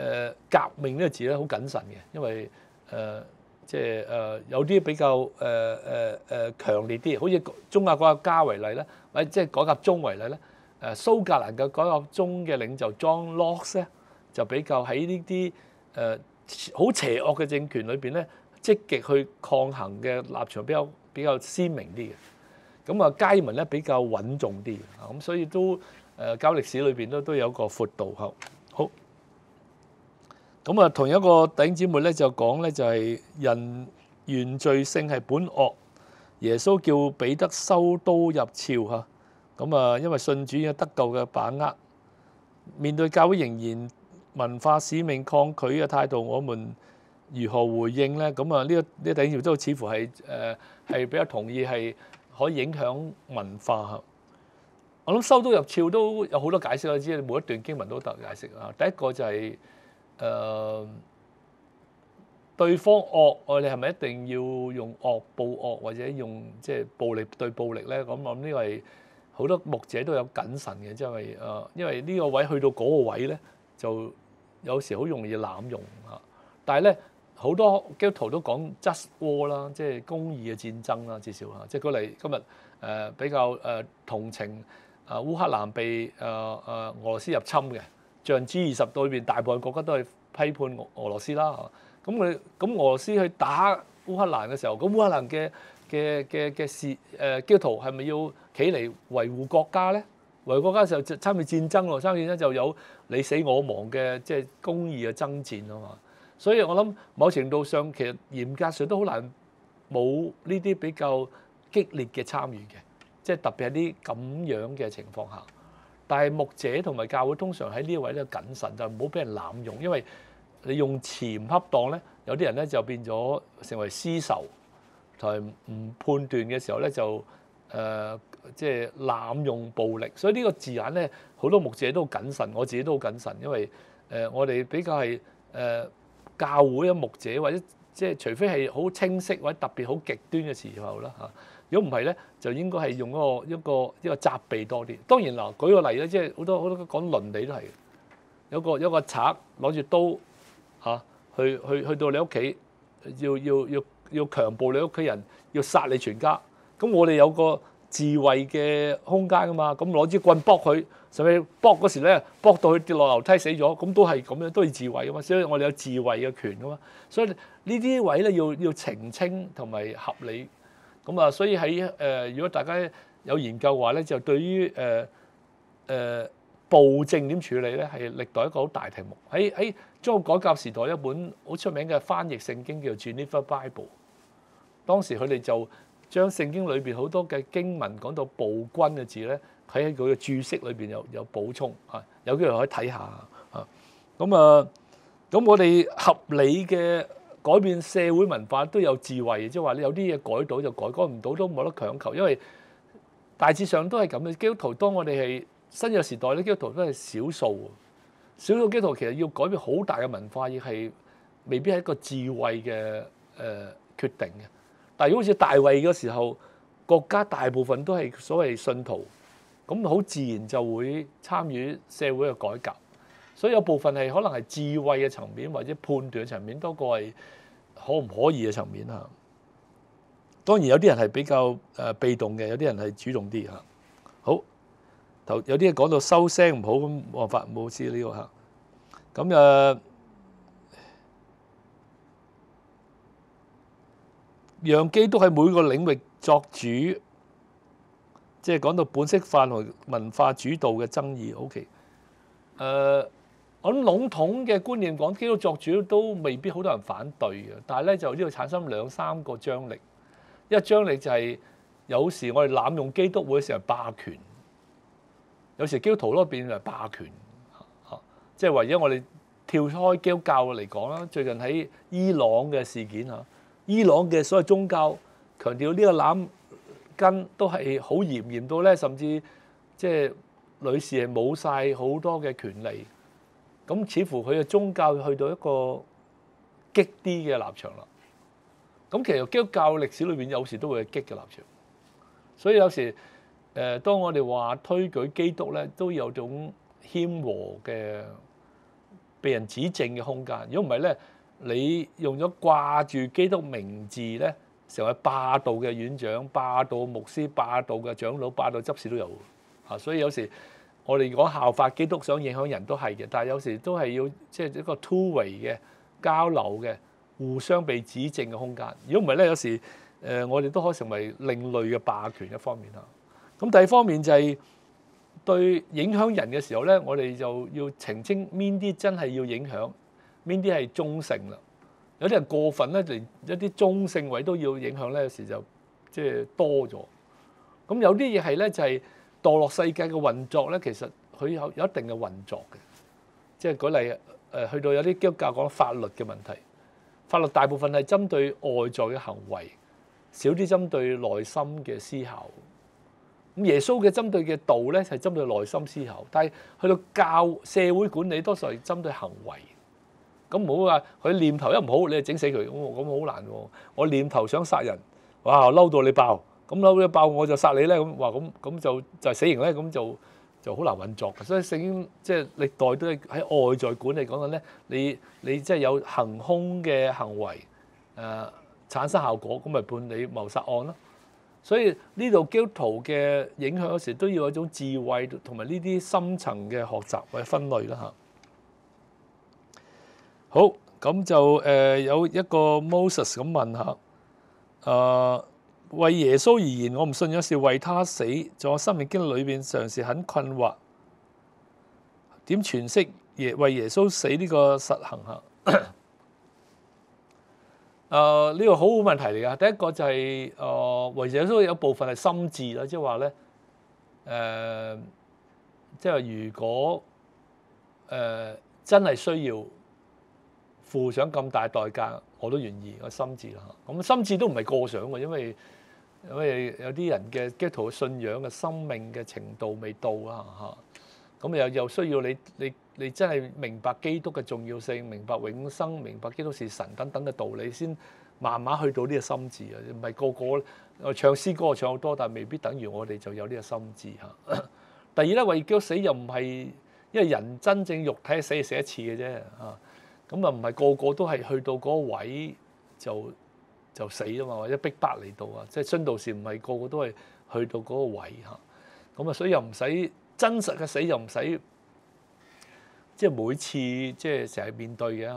革命呢個字咧，好謹慎嘅，因為誒即係誒有啲比較誒誒誒強烈啲，好似中亞國家為例咧，或者即係改革宗為例咧，誒蘇格蘭嘅改革宗嘅領袖 John Knox 咧，就比較喺呢啲誒好邪惡嘅政權裏邊咧，積極去抗衡嘅立場比較比較鮮明啲嘅。咁啊，街民咧比較穩重啲，咁所以都誒教、呃、歷史裏邊都都有個闊度嘅。咁啊，同一個弟兄姊妹咧就講咧，就係人原罪性係本惡。耶穌叫彼得收刀入鞘嚇。咁啊，因為信主有得救嘅把握，面對教會仍然文化使命抗拒嘅態度，我們如何回應咧？咁啊，呢個呢弟兄都似乎係誒係比較同意係可以影響文化。我諗收刀入鞘都有好多解釋，我知你每一段經文都得解釋啊。第一個就係。誒、呃、對方惡，我哋係咪一定要用惡報惡，或者用即係暴力對暴力咧？咁我諗呢個係好多牧者都有謹慎嘅，即係誒，因為呢個位去到嗰個位咧，就有時好容易濫用嚇。但係咧，好多基督徒都講 just war 啦，即係公義嘅戰爭啦，至少嚇。即係佢嚟今日誒、呃、比較誒、呃、同情啊烏克蘭被誒誒、呃呃、俄羅斯入侵嘅。像 G 二十度裏邊大部分國家都係批判俄俄羅斯啦嚇，咁佢咁俄羅斯去打烏克蘭嘅時候，咁烏克蘭嘅嘅嘅嘅事誒基督徒係咪要企嚟維護國家咧？維護國家嘅時候就參與戰爭喎，參與戰爭就有你死我亡嘅即係公義嘅爭戰啊嘛，所以我諗某程度上其實嚴格上都好難冇呢啲比較激烈嘅參與嘅，即係特別係啲咁樣嘅情況下。但係牧者同埋教會通常喺呢位咧謹慎，就唔好俾人濫用，因為你用詞唔恰當咧，有啲人咧就變咗成為私仇。同埋唔判斷嘅時候咧就誒即係濫用暴力。所以呢個字眼咧，好多牧者都好謹慎，我自己都好謹慎，因為誒我哋比較係誒、呃、教會嘅牧者，或者即係除非係好清晰或者特別好極端嘅時候啦嚇。如果唔係咧，就應該係用嗰個一個一個責備多啲。當然啦，舉個例咧，即係好多好多講倫理都係。有個有個賊攞住刀嚇、啊，去去去到你屋企，要要要要強暴你屋企人，要殺你全家。咁我哋有個自衞嘅空間噶嘛那拿，咁攞支棍搏佢，甚至搏嗰時咧搏到佢跌落樓梯死咗，咁都係咁樣都係自衞噶嘛。所以我哋有自衞嘅權噶嘛。所以這些置呢啲位咧要要澄清同埋合理。咁、嗯、啊，所以喺誒、呃、如果大家有研究嘅話咧，就對於誒誒暴政點處理咧，係歷代一個好大題目。喺喺宗教改革時代，一本好出名嘅翻譯聖經叫做《Geneva Bible》，當時佢哋就將聖經裏邊好多嘅經文講到暴君嘅字咧，喺佢嘅註釋裏邊有有補充啊，有機會可以睇下啊。咁啊，咁我哋合理嘅。改變社會文化都有智慧，即係話你有啲嘢改到就改，改唔到都冇得強求，因為大致上都係咁嘅。基督徒當我哋係新約時代咧，基督徒都係少數，少數基督徒其實要改變好大嘅文化，亦係未必係一個智慧嘅誒決定嘅。但係如果好似大衛嘅時候，國家大部分都係所謂信徒，咁好自然就會參與社會嘅改革。所以有部分係可能係智慧嘅層面，或者判斷嘅層面多過係可唔可以嘅層面啊。當然有啲人係比較誒被動嘅，有啲人係主動啲啊。好，頭有啲人講到收聲唔好咁，冇辦法，冇知呢個嚇。咁誒、啊，讓基督喺每個領域作主，即係講到本色化同文化主導嘅爭議。OK，誒。我咁籠統嘅觀念講基督作主都未必好多人反對嘅，但係咧就呢度產生兩三個張力。一個張力就係有時我哋濫用基督教嘅時候霸權，有時基督徒都變成霸權。啊、即係話咗我哋跳開基督教嚟講啦，最近喺伊朗嘅事件嚇，伊朗嘅所謂宗教強調呢個濫根都係好嚴嚴到咧，甚至即係女士係冇晒好多嘅權利。咁似乎佢嘅宗教去到一個激啲嘅立場啦。咁其實基督教歷史裏面，有時都會激嘅立場，所以有時誒，當我哋話推舉基督咧，都有種謙和嘅被人指正嘅空間。如果唔係咧，你用咗掛住基督名字咧，成為霸道嘅院長、霸道牧師、霸道嘅長老、霸道執事都有啊。所以有時。我哋講效法基督想影響人都係嘅，但係有時都係要即係、就是、一個 two-way 嘅交流嘅，互相被指正嘅空間。如果唔係咧，有時誒、呃、我哋都可以成為另類嘅霸權一方面啦。咁第二方面就係、是、對影響人嘅時候咧，我哋就要澄清邊啲真係要影響，邊啲係中性啦。有啲人過分咧，連一啲中性位都要影響咧，有時就即係、就是、多咗。咁有啲嘢係咧就係、是。墮落世界嘅運作呢，其實佢有有一定嘅運作嘅，即係舉例誒，去到有啲基督教講法律嘅問題，法律大部分係針對外在嘅行為，少啲針對內心嘅思考。咁耶穌嘅針對嘅道呢，係針對內心思考，但係去到教社會管理，多數係針對行為。咁唔好話佢念頭一唔好，你就整死佢咁，咁好難喎。我念頭想殺人，哇嬲到你爆！咁你一爆我，我就殺你咧，咁話咁咁就就係、就是、死刑咧，咁就就好難運作。所以聖經即係、就是、歷代都喺外在管理講緊咧，你你即係有行凶嘅行為，誒、啊、產生效果，咁咪判你謀殺案咯。所以呢度基督徒嘅影響有時都要有一種智慧同埋呢啲深層嘅學習或者分類啦吓，好，咁就誒、呃、有一個 Moses 咁問下，誒、啊。為耶穌而言，我唔信有事為他死。在我生命經歷裏邊，常時很困惑，點詮釋耶為耶穌死呢個實行嚇？誒，呢 個、呃、好好問題嚟㗎。第一個就係、是、誒、呃、為耶穌有部分係心志啦，即係話咧誒，即、呃、係、就是、如果誒、呃、真係需要付上咁大代價，我都願意個心志啦嚇。咁、嗯、心志都唔係過想嘅，因為因為有啲人嘅基督信仰嘅生命嘅程度未到啊嚇，咁又又需要你你你真係明白基督嘅重要性，明白永生，明白基督是神等等嘅道理，先慢慢去到呢個心智啊！唔係個個唱詩歌唱好多，但係未必等於我哋就有呢個心智吓。 第二咧，為叫死又唔係因為人真正肉體死死一次嘅啫嚇，咁啊唔係個個都係去到嗰位就。就死啊嘛，或者逼不嚟到啊，即係殉道士唔係個個都係去到嗰個位吓，咁啊所以又唔使真實嘅死又唔使，即係每次即係成日面對嘅吓。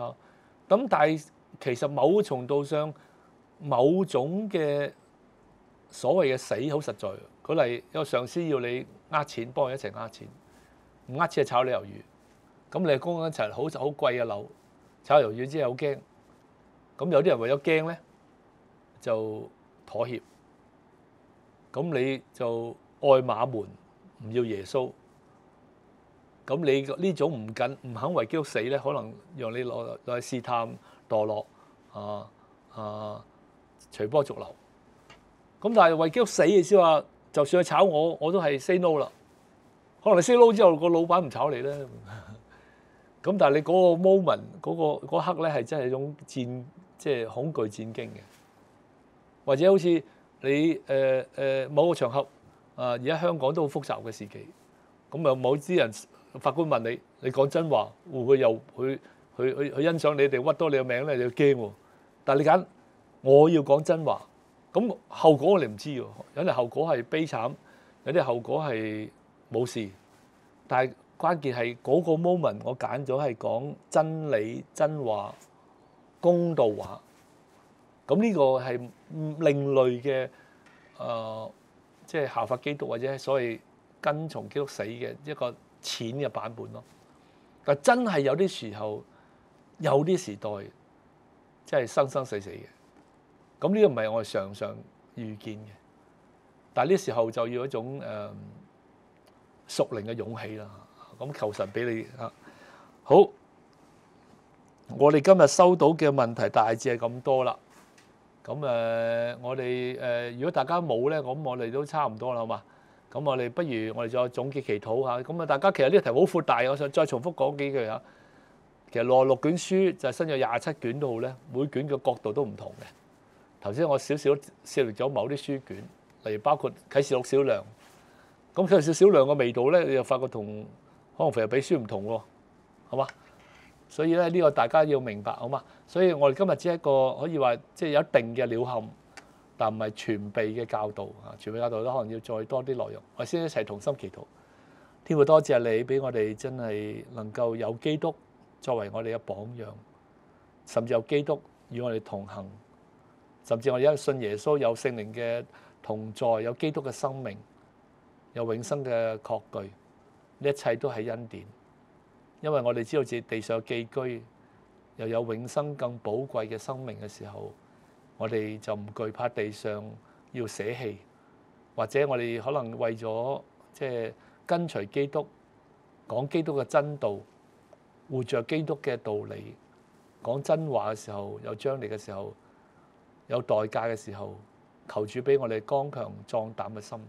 咁、啊、但係其實某程度上，某種嘅所謂嘅死好實在。舉例有上司要你呃錢，幫我一齊呃錢，唔呃錢係炒你魷魚，咁你供一層好好貴嘅樓，炒魷魚很怕，即係好驚，咁有啲人為咗驚咧就妥協，咁你就愛馬門唔要耶穌，咁你呢種唔肯唔肯為基督死咧，可能讓你落去試探墮落啊啊，隨波逐流。咁但係為基督死嘅先話就算係炒我，我都係 say no 啦。可能你 say no 之後，個老闆唔炒你咧。咁 但係你嗰個 moment 嗰、嗰個嗰刻咧，係真係一種戰，即、即係、恐懼戰驚嘅。或者好似你誒誒、呃呃、某個場合啊，而家香港都好複雜嘅時期，咁啊某啲人法官問你，你講真話，會唔會又去去去去欣賞你哋屈多你個名咧就驚喎？但係你揀我要講真話，咁後果我哋唔知喎，有啲後果係悲慘，有啲後果係冇事，但係關鍵係嗰個 moment 我揀咗係講真理、真話、公道話。咁呢個係另類嘅，誒，即係效法基督或者所謂跟從基督死嘅一個淺嘅版本咯。但真係有啲時候，有啲時代，即係生生死死嘅。咁呢個唔係我哋常常預見嘅，但係呢時候就要一種誒熟練嘅勇氣啦。咁求神俾你啊！好，我哋今日收到嘅問題大致係咁多啦。咁誒、呃，我哋誒、呃，如果大家冇咧，咁我哋都差唔多啦，好嘛？咁我哋不如我哋再總結祈禱下。咁啊，大家其實呢個題好闊大，我想再重複講幾句嚇、啊。其實六十六卷書就係新約廿七卷都好咧，每卷嘅角度都唔同嘅。頭先我少少涉獵咗某啲書卷，例如包括啟示錄小亮。咁佢有少少亮嘅味道咧，你就發覺同康煇又比書唔同喎，好嘛？所以咧，呢個大家要明白，好嘛？所以我哋今日只係一個可以話，即係有一定嘅鳥瞰，但唔係全備嘅教導啊！全備教導都可能要再多啲內容，我先一齊同心祈禱。天父多謝你，俾我哋真係能夠有基督作為我哋嘅榜樣，甚至有基督與我哋同行，甚至我而家信耶穌有聖靈嘅同在，有基督嘅生命，有永生嘅確據，呢一切都係恩典。因為我哋知道自己地上有寄居，又有永生更寶貴嘅生命嘅時候，我哋就唔懼怕地上要捨棄，或者我哋可能為咗即係跟隨基督講基督嘅真道，活着基督嘅道理，講真話嘅時候，有將來嘅時候有代價嘅時候，求主俾我哋剛強壯膽嘅心，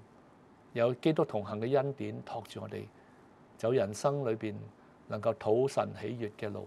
有基督同行嘅恩典托住我哋，走人生裏面能夠討神喜悅嘅路。